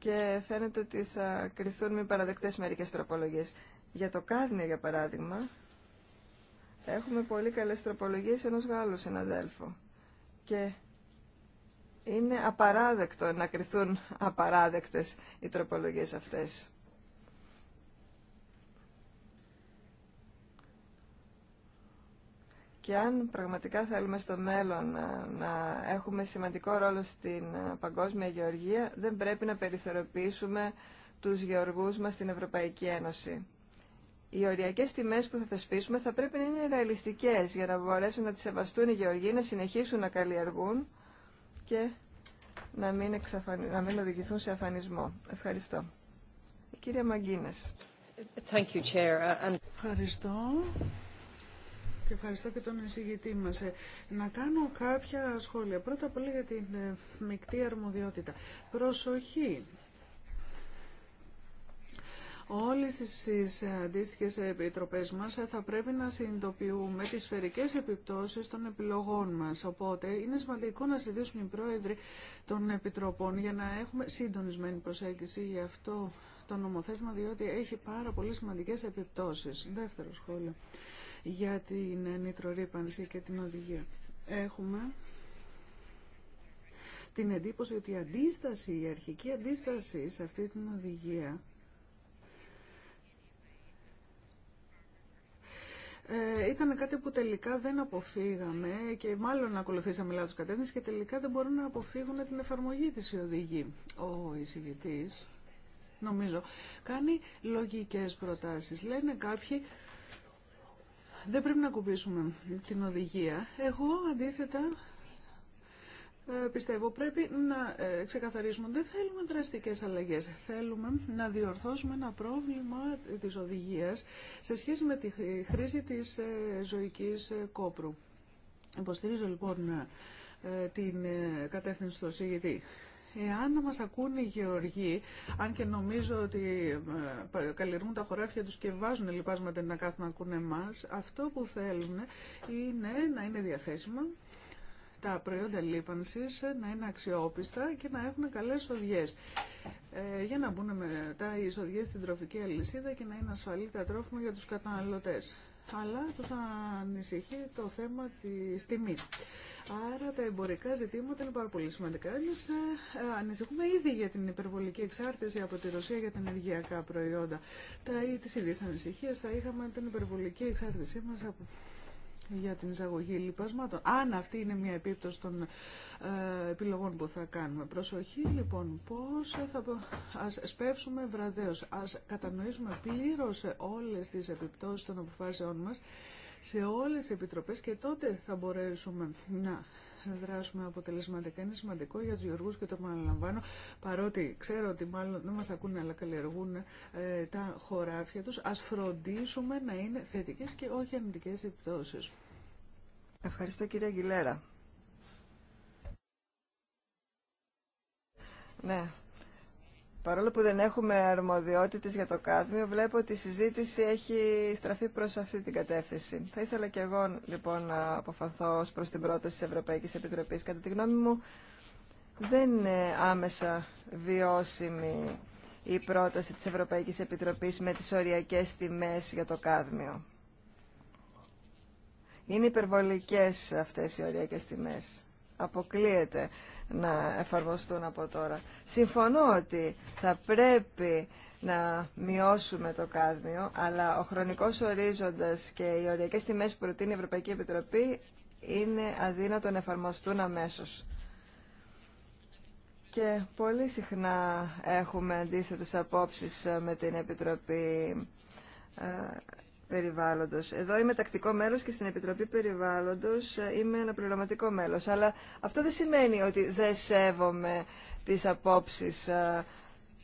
και φαίνεται ότι θα κρυθούν μη παραδεκτές μερικές τροπολογίες. Για το κάδμιο, για παράδειγμα, έχουμε πολύ καλές τροπολογίες ενός Γάλλου συναδέλφου και είναι απαράδεκτο να κρυθούν απαράδεκτες οι τροπολογίες αυτές. Και αν πραγματικά θέλουμε στο μέλλον ε, να, έχουμε σημαντικό ρόλο στην ε, παγκόσμια γεωργία, δεν πρέπει να περιθεροποιήσουμε τους γεωργούς μας στην Ευρωπαϊκή Ένωση. Οι οριακέ τιμέ που θα θεσπίσουμε θα πρέπει να είναι ρεαλιστικέ για να μπορέσουν να τι σεβαστούν οι γεωργοί, να συνεχίσουν να καλλιεργούν και να μην, να μην οδηγηθούν σε αφανισμό. Ευχαριστώ. Η κυρία Μαγκίνε. Ευχαριστώ και ευχαριστώ και τον εισηγητή μας. Ε, να κάνω κάποια σχόλια. Πρώτα απ' όλα για την ε, μεικτή αρμοδιότητα. Προσοχή. Όλες τις αντίστοιχες επιτροπές μας ε, θα πρέπει να συνειδητοποιούμε τις σφαιρικές επιπτώσεις των επιλογών μας. Οπότε είναι σημαντικό να συζητήσουν οι πρόεδροι των επιτροπών για να έχουμε σύντονισμένη προσέγγιση για αυτό το νομοθέσμα διότι έχει πάρα πολύ σημαντικές επιπτώσεις. Δεύτερο σχόλιο για την νητρορύπανση και την οδηγία. Έχουμε την εντύπωση ότι η αντίσταση, η αρχική αντίσταση σε αυτή την οδηγία ε, ήταν κάτι που τελικά δεν αποφύγαμε και μάλλον ακολουθήσαμε λάθος κατεύθυνση και τελικά δεν μπορούν να αποφύγουν την εφαρμογή της η οδηγή. Ο εισηγητής, νομίζω, κάνει λογικές προτάσεις. Λένε κάποιοι δεν πρέπει να κουμπίσουμε την οδηγία. Εγώ αντίθετα ε, πιστεύω πρέπει να ε, ξεκαθαρίσουμε. Δεν θέλουμε δραστικές αλλαγές. Θέλουμε να διορθώσουμε ένα πρόβλημα της οδηγίας σε σχέση με τη χρήση της ε, ζωικής κόπρου. Υποστηρίζω λοιπόν την κατεύθυνση του ΣΥΓΙΤΗ. Εάν μας ακούν οι γεωργοί, αν και νομίζω ότι ε, καλλιεργούν τα χωράφια τους και βάζουν λοιπάσματα να κάθουν να ακούνε εμάς, αυτό που θέλουν είναι να είναι διαθέσιμα τα προϊόντα λίπανσης να είναι αξιόπιστα και να έχουν καλές οδιές. Ε, για να μπουν μετά οι εισοδιές στην τροφική αλυσίδα και να είναι ασφαλή τα τρόφιμα για τους καταναλωτές αλλά θα ανησυχεί το θέμα τη τιμής. Άρα τα εμπορικά ζητήματα είναι πάρα πολύ σημαντικά. Εμείς ε, ανησυχούμε ήδη για την υπερβολική εξάρτηση από τη Ρωσία για τα ενεργειακά προϊόντα. Τα ή τις ίδιες ανησυχίες θα είχαμε την υπερβολική εξάρτησή μας από για την εισαγωγή λοιπασμάτων, αν αυτή είναι μια επίπτωση των ε, επιλογών που θα κάνουμε. Προσοχή λοιπόν, πώς θα ας σπεύσουμε βραδέως, ας κατανοήσουμε πλήρως όλες τις επιπτώσεις των αποφάσεών μας σε όλες τις επιτροπές και τότε θα μπορέσουμε να δράσουμε αποτελεσματικά. Είναι σημαντικό για του γεωργούς και το επαναλαμβάνω, παρότι ξέρω ότι μάλλον δεν μας ακούνε αλλά καλλιεργούν ε, τα χωράφια τους, Α φροντίσουμε να είναι θετικές και όχι αρνητικές επιπτώσει. Ευχαριστώ κύριε Αγγιλέρα. Ναι, Παρόλο που δεν έχουμε αρμοδιότητες για το κάδμιο, βλέπω ότι η συζήτηση έχει στραφεί προς αυτή την κατεύθυνση. Θα ήθελα και εγώ λοιπόν να αποφαθώ ως προς την πρόταση της Ευρωπαϊκής Επιτροπής. Κατά τη γνώμη μου δεν είναι άμεσα βιώσιμη η πρόταση της Ευρωπαϊκής Επιτροπής με τις οριακές τιμές για το κάδμιο. Είναι υπερβολικές αυτές οι οριακές τιμές αποκλείεται να εφαρμοστούν από τώρα. Συμφωνώ ότι θα πρέπει να μειώσουμε το κάδμιο, αλλά ο χρονικός ορίζοντας και οι οριακές τιμές που προτείνει η Ευρωπαϊκή Επιτροπή είναι αδύνατο να εφαρμοστούν αμέσως. Και πολύ συχνά έχουμε αντίθετες απόψεις ε, με την Επιτροπή ε, περιβάλλοντος. Εδώ είμαι τακτικό μέλος και στην Επιτροπή Περιβάλλοντος ε, είμαι αναπληρωματικό μέλος. Αλλά αυτό δεν σημαίνει ότι δεν σέβομαι τις απόψεις ε,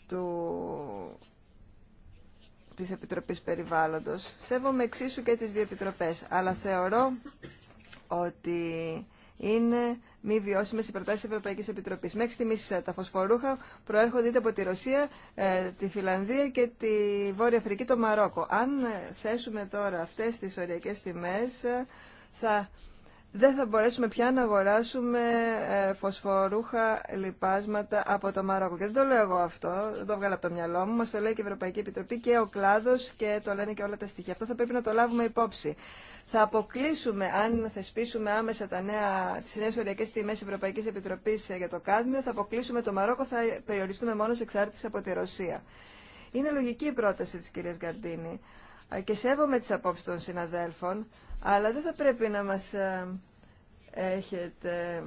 του, της Επιτροπής Περιβάλλοντος. Σέβομαι εξίσου και τις δύο επιτροπές. Αλλά θεωρώ ότι είναι μη βιώσιμε οι προτάσει τη Ευρωπαϊκή Επιτροπή. Μέχρι στιγμή ε, τα φωσφορούχα προέρχονται είτε από τη Ρωσία, ε, τη Φιλανδία και τη Βόρεια Αφρική, το Μαρόκο. Αν ε, θέσουμε τώρα αυτέ τι οριακέ τιμέ, θα δεν θα μπορέσουμε πια να αγοράσουμε ε, φωσφορούχα λιπάσματα από το Μαρόκο. Και δεν το λέω εγώ αυτό, δεν το βγάλα από το μυαλό μου, μας το λέει και η Ευρωπαϊκή Επιτροπή και ο κλάδος και το λένε και όλα τα στοιχεία. Αυτό θα πρέπει να το λάβουμε υπόψη. Θα αποκλείσουμε, αν θεσπίσουμε άμεσα τα νέα, τις νέες οριακές τιμές Ευρωπαϊκής Επιτροπής ε, για το κάδμιο, θα αποκλείσουμε το Μαρόκο, θα περιοριστούμε μόνο σε εξάρτηση από τη Ρωσία. Είναι λογική η πρόταση της κυρίας Γκαρντίνη, και σέβομαι τις απόψεις των συναδέλφων, αλλά δεν θα πρέπει να μας ε, έχετε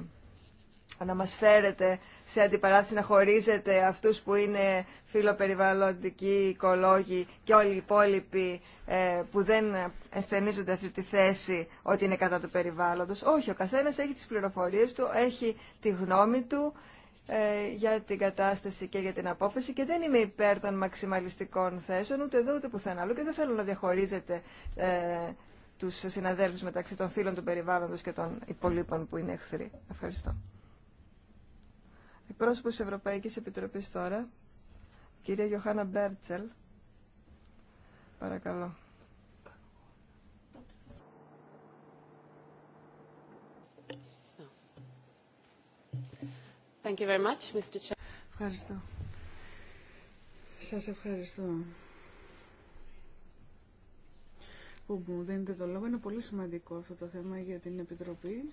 να φέρετε σε αντιπαράθεση να χωρίζετε αυτούς που είναι φιλοπεριβαλλοντικοί, οικολόγοι και όλοι οι υπόλοιποι ε, που δεν ασθενίζονται αυτή τη θέση ότι είναι κατά του περιβάλλοντος. Όχι, ο καθένας έχει τις πληροφορίες του, έχει τη γνώμη του ε, για την κατάσταση και για την απόφαση και δεν είμαι υπέρ των μαξιμαλιστικών θέσεων ούτε εδώ ούτε πουθενά άλλο και δεν θέλω να διαχωρίζετε ε, τους συναδέλφους μεταξύ των φίλων του περιβάλλοντος και των υπολείπων που είναι εχθροί. Ευχαριστώ. Εκπρόσωπος της Ευρωπαϊκής Επιτροπής τώρα, κυρία Γιωχάννα Μπέρτσελ. Παρακαλώ. Ευχαριστώ. Σας ευχαριστώ που μου δίνετε το λόγο. Είναι πολύ σημαντικό αυτό το θέμα για την Επιτροπή.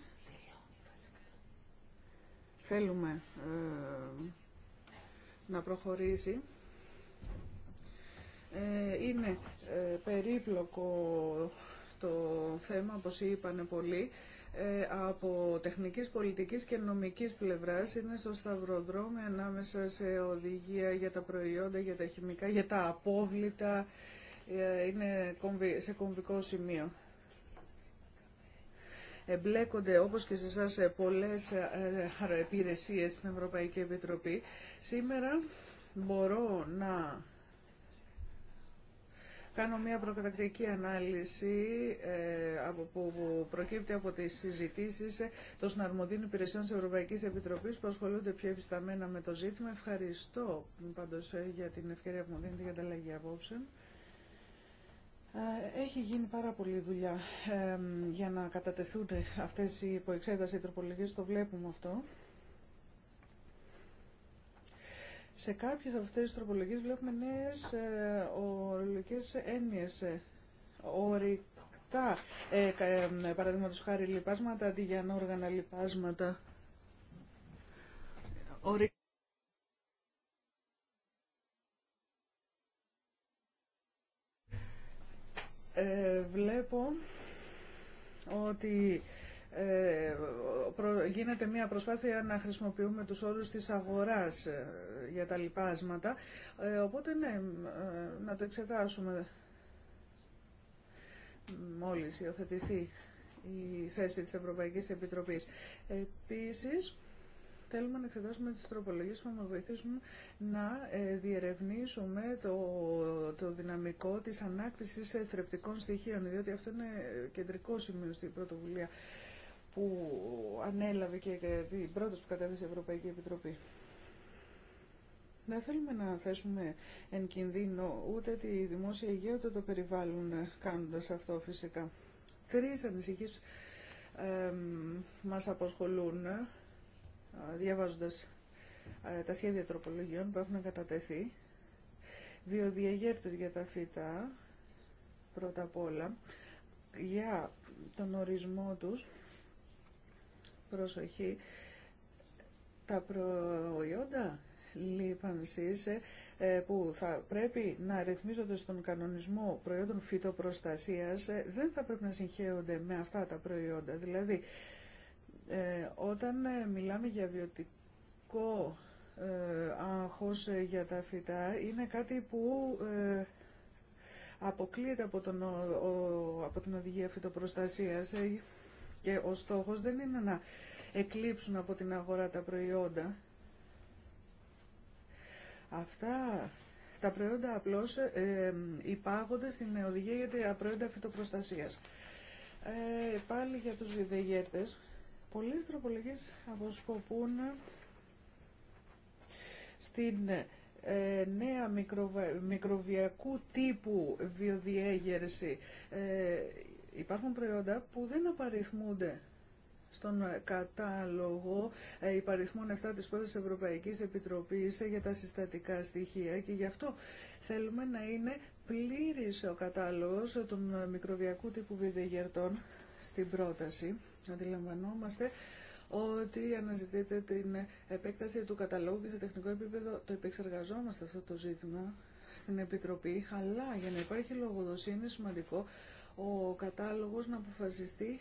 Θέλουμε ε, να προχωρήσει. Ε, είναι ε, περίπλοκο το θέμα, όπως είπανε πολλοί, ε, από τεχνικής, πολιτικής και νομικής πλευράς είναι στο σταυροδρόμι ανάμεσα σε οδηγία για τα προϊόντα, για τα χημικά, για τα απόβλητα, ε, είναι σε κομβικό σημείο. Εμπλέκονται, όπως και σε εσάς, πολλές ε, υπηρεσίε στην Ευρωπαϊκή Επιτροπή. Σήμερα μπορώ να κάνω μια προκατακτική ανάλυση ε, από που προκύπτει από τις συζητήσεις των συναρμοδίων υπηρεσιών της Ευρωπαϊκής Επιτροπής που ασχολούνται πιο εφισταμένα με το ζήτημα. Ευχαριστώ πάντως ε, για την ευκαιρία που μου δίνετε για ανταλλαγή απόψε. Ε, έχει γίνει πάρα πολλή δουλειά για να κατατεθούν αυτές οι υποεξέταση τροπολογίες, το βλέπουμε αυτό. Σε κάποιες από αυτές τις τροπολογίες βλέπουμε νέες ε, ορολογικές έννοιες, ε, ορυκτά, ε, ε, παραδείγματος χάρη λιπάσματα, αντί για ανόργανα λιπάσματα. Ε, βλέπω ότι ε, γίνεται μια προσπάθεια να χρησιμοποιούμε τους όρους της αγοράς ε, για τα λοιπάσματα. Ε, οπότε ναι, να το εξετάσουμε μόλις υιοθετηθεί η θέση της Ευρωπαϊκής Επιτροπής. Επίσης, θέλουμε να εξετάσουμε τις τροπολογίες που μας βοηθήσουν να διερευνήσουμε το, το δυναμικό της ανάκτησης θρεπτικών στοιχείων, διότι αυτό είναι κεντρικό σημείο στην πρωτοβουλία που ανέλαβε και την πρόταση που κατέθεσε η Ευρωπαϊκή Επιτροπή. Δεν θέλουμε να θέσουμε εν κινδύνο ούτε τη δημόσια υγεία ούτε το περιβάλλον κάνοντας αυτό φυσικά. Τρεις ανησυχίες ε, μας απασχολούν ε, διαβάζοντας ε, τα σχέδια τροπολογιών που έχουν κατατεθεί. Βιοδιαγέρτες για τα φύτα, πρώτα απ' όλα, για τον ορισμό τους προσοχή τα προϊόντα λίπανσης ε, ε, που θα πρέπει να ρυθμίζονται στον κανονισμό προϊόντων φυτοπροστασίας ε, δεν θα πρέπει να συγχέονται με αυτά τα προϊόντα. Δηλαδή, όταν μιλάμε για βιωτικό άγχος για τα φυτά, είναι κάτι που αποκλείεται από, τον, από την οδηγία φυτοπροστασίας και ο στόχος δεν είναι να εκλείψουν από την αγορά τα προϊόντα. Αυτά τα προϊόντα απλώς ε, υπάγονται στην οδηγία για τα προϊόντα φυτοπροστασίας. Ε, πάλι για τους διδεγερτες πολλές τροπολογίες αποσκοπούν στην ε, νέα μικροβιακού τύπου βιοδιέγερση. Ε, Υπάρχουν προϊόντα που δεν απαριθμούνται στον κατάλογο ε, υπαριθμών 7 της πρώτης Ευρωπαϊκής Επιτροπής για τα συστατικά στοιχεία και γι' αυτό θέλουμε να είναι πλήρης ο κατάλογος των μικροβιακού τύπου βιδεγερτών στην πρόταση. Αντιλαμβανόμαστε ότι αναζητείτε την επέκταση του καταλόγου και σε τεχνικό επίπεδο το επεξεργαζόμαστε αυτό το ζήτημα στην Επιτροπή, αλλά για να υπάρχει λογοδοσία είναι σημαντικό ο κατάλογος να αποφασιστεί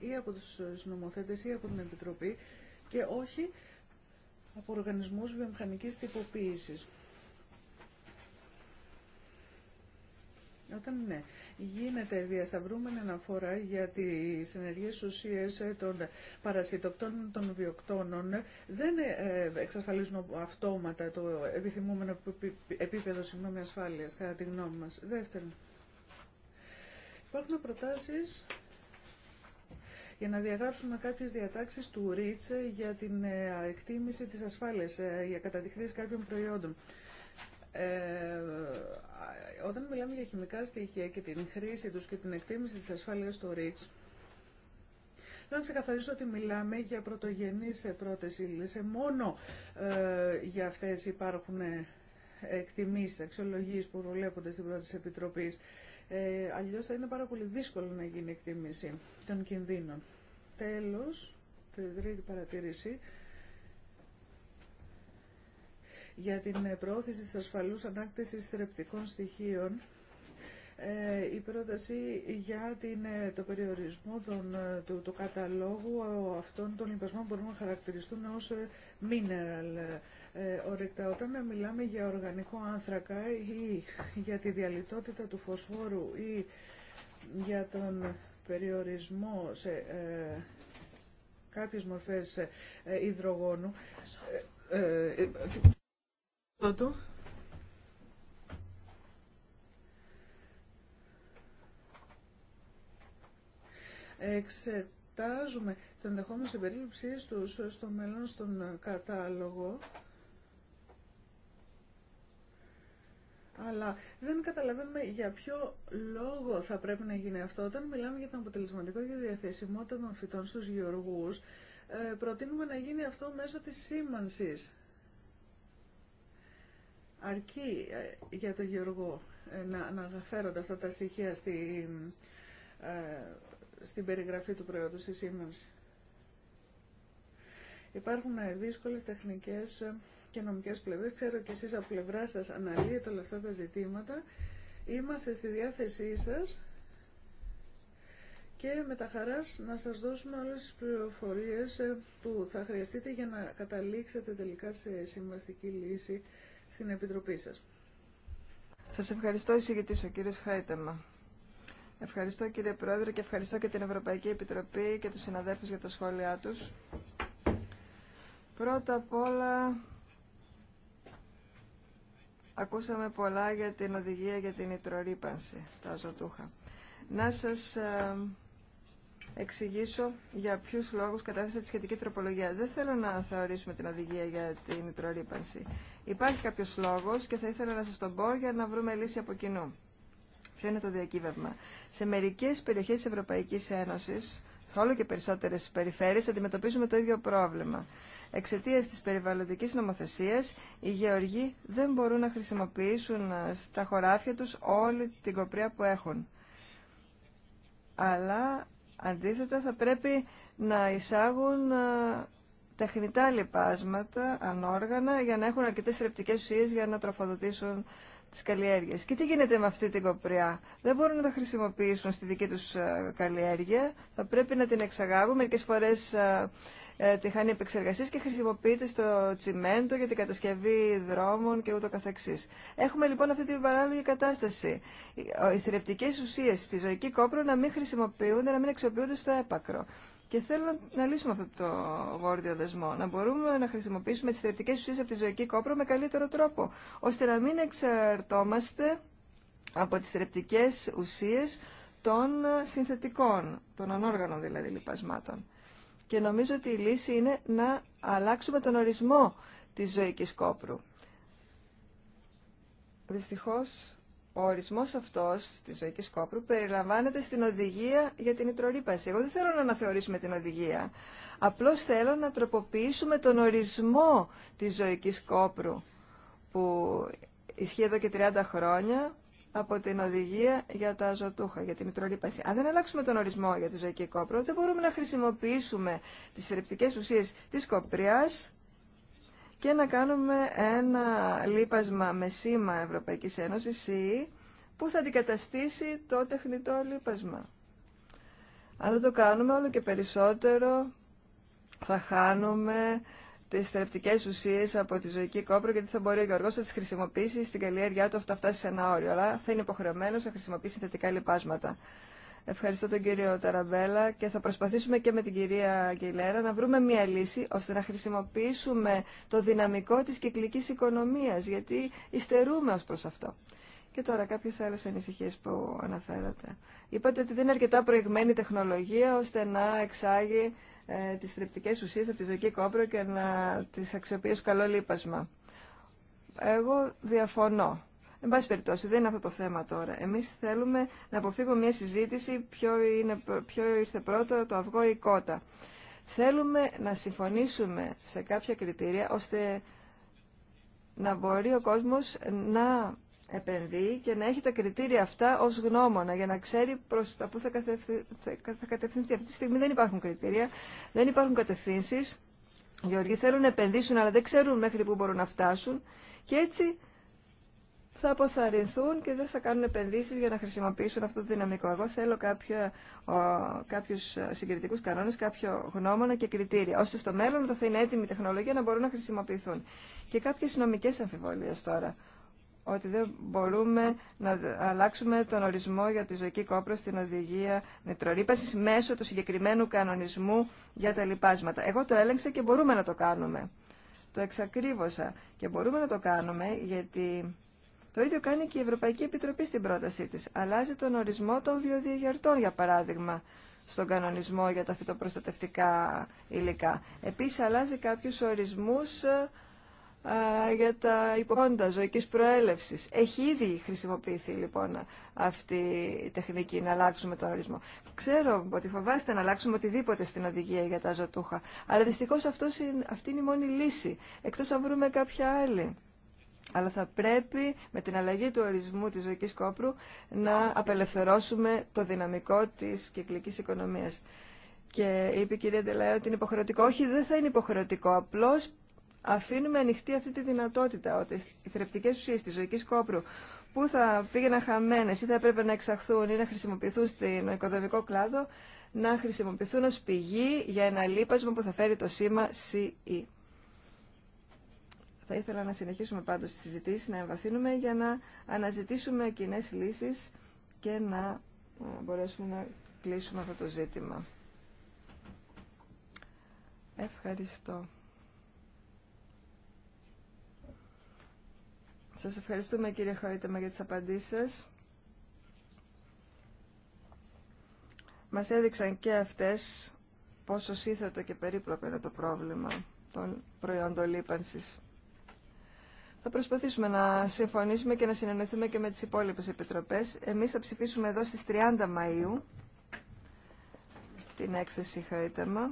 ή από τους νομοθέτες ή από την Επιτροπή και όχι από οργανισμούς βιομηχανικής τυποποίησης. Όταν ναι, γίνεται διασταυρούμενη αναφορά για τις ενεργές ουσίες των παρασύτοκτων των βιοκτώνων, δεν ε, εξασφαλίζουν αυτόματα το επιθυμούμενο επίπεδο συγγνώμη ασφάλειας, κατά τη γνώμη μας. Δεύτερον, Υπάρχουν προτάσεις για να διαγράψουμε κάποιες διατάξεις του ΡΙΤΣ για την ε, εκτίμηση της ασφάλειας, ε, για χρήση κάποιων προϊόντων. Ε, όταν μιλάμε για χημικά στοιχεία και την χρήση τους και την εκτίμηση της ασφάλειας του ΡΙΤΣ, Θέλω να ξεκαθαρίσω ότι μιλάμε για πρωτογενείς ε, πρώτες Μόνο ε, για αυτές υπάρχουν εκτιμήσεις, αξιολογίες που προβλέπονται στην πρώτη επιτροπή. Ε, αλλιώς θα είναι πάρα πολύ δύσκολο να γίνει εκτίμηση των κινδύνων. Τέλος, τρίτη παρατήρηση, για την προώθηση της ασφαλούς ανάκτησης θρεπτικών στοιχείων, ε, η πρόταση για την, ε, το περιορισμό των, ε, του, καταλόγου αυτών των λοιπασμών μπορούν να χαρακτηριστούν ως mineral ε, Όταν μιλάμε για οργανικό άνθρακα ή για τη διαλυτότητα του φωσφόρου ή για τον περιορισμό σε ε, κάποιες μορφές ε, υδρογόνου, ε, ε εξετάζουμε το ενδεχόμενο συμπερίληψή του στο μέλλον στον κατάλογο. Αλλά δεν καταλαβαίνουμε για ποιο λόγο θα πρέπει να γίνει αυτό. Όταν μιλάμε για την αποτελεσματικό και διαθεσιμότητα των φυτών στους γεωργούς, ε, προτείνουμε να γίνει αυτό μέσω της σήμανσης. Αρκεί ε, για το γεωργό ε, να αναφέρονται αυτά τα στοιχεία στη, στην περιγραφή του προϊόντος, στη σήμανση. Υπάρχουν δύσκολες τεχνικές και νομικές πλευρές. Ξέρω και εσείς από πλευρά σας αναλύετε όλα αυτά τα ζητήματα. Είμαστε στη διάθεσή σας και με τα χαράς να σας δώσουμε όλες τις πληροφορίες ε, που θα χρειαστείτε για να καταλήξετε τελικά σε σημαντική λύση στην Επιτροπή σας. Σας ευχαριστώ εισηγητής ο κύριος Χάιτεμα. Ευχαριστώ κύριε Πρόεδρε και ευχαριστώ και την Ευρωπαϊκή Επιτροπή και τους συναδέλφους για τα σχόλιά τους. Πρώτα απ' όλα ακούσαμε πολλά για την οδηγία για την ιτρορύπανση, τα ζωτούχα. Να σας ε, εξηγήσω για ποιου λόγους κατάθεσα τη σχετική τροπολογία. Δεν θέλω να θεωρήσουμε την οδηγία για την ιτρορύπανση. Υπάρχει κάποιο λόγο και θα ήθελα να σα τον πω για να βρούμε λύση από κοινού. Ποιο είναι το διακύβευμα. Σε μερικές περιοχές της Ευρωπαϊκής Ένωσης σε όλο και περισσότερες περιφέρειες αντιμετωπίζουμε το ίδιο πρόβλημα. Εξαιτία τη περιβαλλοντική νομοθεσία, οι γεωργοί δεν μπορούν να χρησιμοποιήσουν ε, στα χωράφια του όλη την κοπρία που έχουν. Αλλά αντίθετα θα πρέπει να εισάγουν ε, τεχνητά λοιπάσματα, ανόργανα, για να έχουν αρκετέ θρεπτικέ ουσίε για να τροφοδοτήσουν τι καλλιέργειε. Και τι γίνεται με αυτή την κοπριά. Δεν μπορούν να τα χρησιμοποιήσουν στη δική του ε, καλλιέργεια. Θα πρέπει να την εξαγάγουν. Μερικέ φορέ ε, τη χάνει επεξεργασίας και χρησιμοποιείται στο τσιμέντο για την κατασκευή δρόμων και ούτω καθεξής. Έχουμε λοιπόν αυτή τη παράλληλη κατάσταση. Οι θρεπτικές ουσίες στη ζωική κόπρο να μην χρησιμοποιούνται, να μην αξιοποιούνται στο έπακρο. Και θέλω να λύσουμε αυτό το γόρδιο δεσμό. Να μπορούμε να χρησιμοποιήσουμε τι θρεπτικέ ουσίε από τη ζωική κόπρο με καλύτερο τρόπο, ώστε να μην εξαρτώμαστε από τι θρεπτικέ ουσίε των ε, συνθετικών, των ανόργανων δηλαδή λοιπασμάτων. Και νομίζω ότι η λύση είναι να αλλάξουμε τον ορισμό της ζωικής κόπρου. Δυστυχώς, ο ορισμός αυτός της ζωικής κόπρου περιλαμβάνεται στην οδηγία για την ιτρορύπαση. Εγώ δεν θέλω να αναθεωρήσουμε την οδηγία. Απλώς θέλω να τροποποιήσουμε τον ορισμό της ζωικής κόπρου που ισχύει εδώ και 30 χρόνια, από την οδηγία για τα ζωτούχα, για την μητρολήπαση. Αν δεν αλλάξουμε τον ορισμό για τη ζωική κόπρο, δεν μπορούμε να χρησιμοποιήσουμε τις θρεπτικές ουσίες της κοπριάς και να κάνουμε ένα λίπασμα με σήμα Ευρωπαϊκής Ένωσης ή που θα αντικαταστήσει το τεχνητό λίπασμα. Αν δεν το κάνουμε όλο και περισσότερο θα χάνουμε τι θρεπτικέ ουσίε από τη ζωική κόπρο γιατί θα μπορεί ο Γιώργο να τις χρησιμοποιήσει στην καλλιέργειά του αυτά φτάσει σε ένα όριο. Αλλά θα είναι υποχρεωμένο, να χρησιμοποιήσει θετικά λοιπάσματα. Ευχαριστώ τον κύριο Ταραμπέλα και θα προσπαθήσουμε και με την κυρία Γκυλέρα να βρούμε μια λύση ώστε να χρησιμοποιήσουμε το δυναμικό της κυκλικής οικονομίας γιατί υστερούμε ως προς αυτό. Και τώρα κάποιε άλλε ανησυχίε που αναφέρατε. Είπατε ότι δεν είναι αρκετά προηγμένη τεχνολογία ώστε να εξάγει ε, τις θρεπτικές ουσίες από τη ζωική κόπρο και να τις αξιοποιήσω καλό λίπασμα. Εγώ διαφωνώ. Εν πάση περιπτώσει, δεν είναι αυτό το θέμα τώρα. Εμείς θέλουμε να αποφύγουμε μια συζήτηση ποιο, είναι, ποιο ήρθε πρώτο, το αυγό ή η κότα. Θέλουμε να συμφωνήσουμε σε κάποια κριτήρια, ώστε να μπορεί ο κόσμος να επενδύει και να έχει τα κριτήρια αυτά ως γνώμονα για να ξέρει προς τα που θα, κατευθυνθεί. Αυτή τη στιγμή δεν υπάρχουν κριτήρια, δεν υπάρχουν κατευθύνσεις. Οι γεωργοί θέλουν να επενδύσουν αλλά δεν ξέρουν μέχρι που μπορούν να φτάσουν και έτσι θα αποθαρρυνθούν και δεν θα κάνουν επενδύσεις για να χρησιμοποιήσουν αυτό το δυναμικό. Εγώ θέλω κάποιου ο, κάποιους συγκριτικούς κανόνες, κάποιο γνώμονα και κριτήρια, ώστε στο μέλλον θα είναι έτοιμη η τεχνολογία να μπορούν να χρησιμοποιηθούν. Και κάποιες νομικές αμφιβολίες τώρα ότι δεν μπορούμε να αλλάξουμε τον ορισμό για τη ζωική κόπρο στην οδηγία νετρορύπασης μέσω του συγκεκριμένου κανονισμού για τα λοιπάσματα. Εγώ το έλεγξα και μπορούμε να το κάνουμε. Το εξακρίβωσα και μπορούμε να το κάνουμε γιατί το ίδιο κάνει και η Ευρωπαϊκή Επιτροπή στην πρότασή της. Αλλάζει τον ορισμό των βιοδιαγερτών, για παράδειγμα, στον κανονισμό για τα φυτοπροστατευτικά υλικά. Επίσης, αλλάζει κάποιους ορισμούς για τα υποχόντα ζωικής προέλευσης. Έχει ήδη χρησιμοποιηθεί λοιπόν αυτή η τεχνική να αλλάξουμε τον ορισμό. Ξέρω ότι φοβάστε να αλλάξουμε οτιδήποτε στην οδηγία για τα ζωτούχα, αλλά δυστυχώς αυτή είναι η μόνη λύση, εκτός αν βρούμε κάποια άλλη. Αλλά θα πρέπει με την αλλαγή του ορισμού της ζωικής κόπρου να απελευθερώσουμε το δυναμικό της κυκλικής οικονομίας. Και είπε η κυρία Ντελαέ ότι είναι υποχρεωτικό. Όχι, δεν θα είναι υποχρεωτικό. Απλώς αφήνουμε ανοιχτή αυτή τη δυνατότητα ότι οι θρεπτικέ ουσίε τη ζωική κόπρου που θα πήγαιναν χαμένε ή θα έπρεπε να εξαχθούν ή να χρησιμοποιηθούν στην οικοδομικό κλάδο να χρησιμοποιηθούν ω πηγή για ένα λείπασμα που θα φέρει το σήμα CE. Θα ήθελα να συνεχίσουμε πάντως τις συζητήσεις, να εμβαθύνουμε για να αναζητήσουμε κοινέ λύσεις και να ε, μπορέσουμε να κλείσουμε αυτό το ζήτημα. Ευχαριστώ. Σας ευχαριστούμε κύριε Χαίτεμα για τις απαντήσεις σας. Μας έδειξαν και αυτές πόσο σύνθετο και περίπλοκο είναι το πρόβλημα των προϊόντων λίπανσης. Θα προσπαθήσουμε να συμφωνήσουμε και να συνεννοηθούμε και με τις υπόλοιπες επιτροπές. Εμείς θα ψηφίσουμε εδώ στις 30 Μαΐου την έκθεση Χαίτεμα.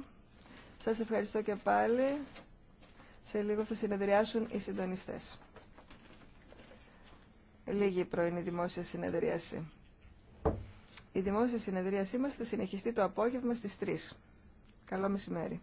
Σας ευχαριστώ και πάλι. Σε λίγο θα συνεδριάσουν οι συντονιστές λίγη πρωινή δημόσια συνεδρίαση. Η δημόσια συνεδρίασή μας θα συνεχιστεί το απόγευμα στις 3. Καλό μεσημέρι.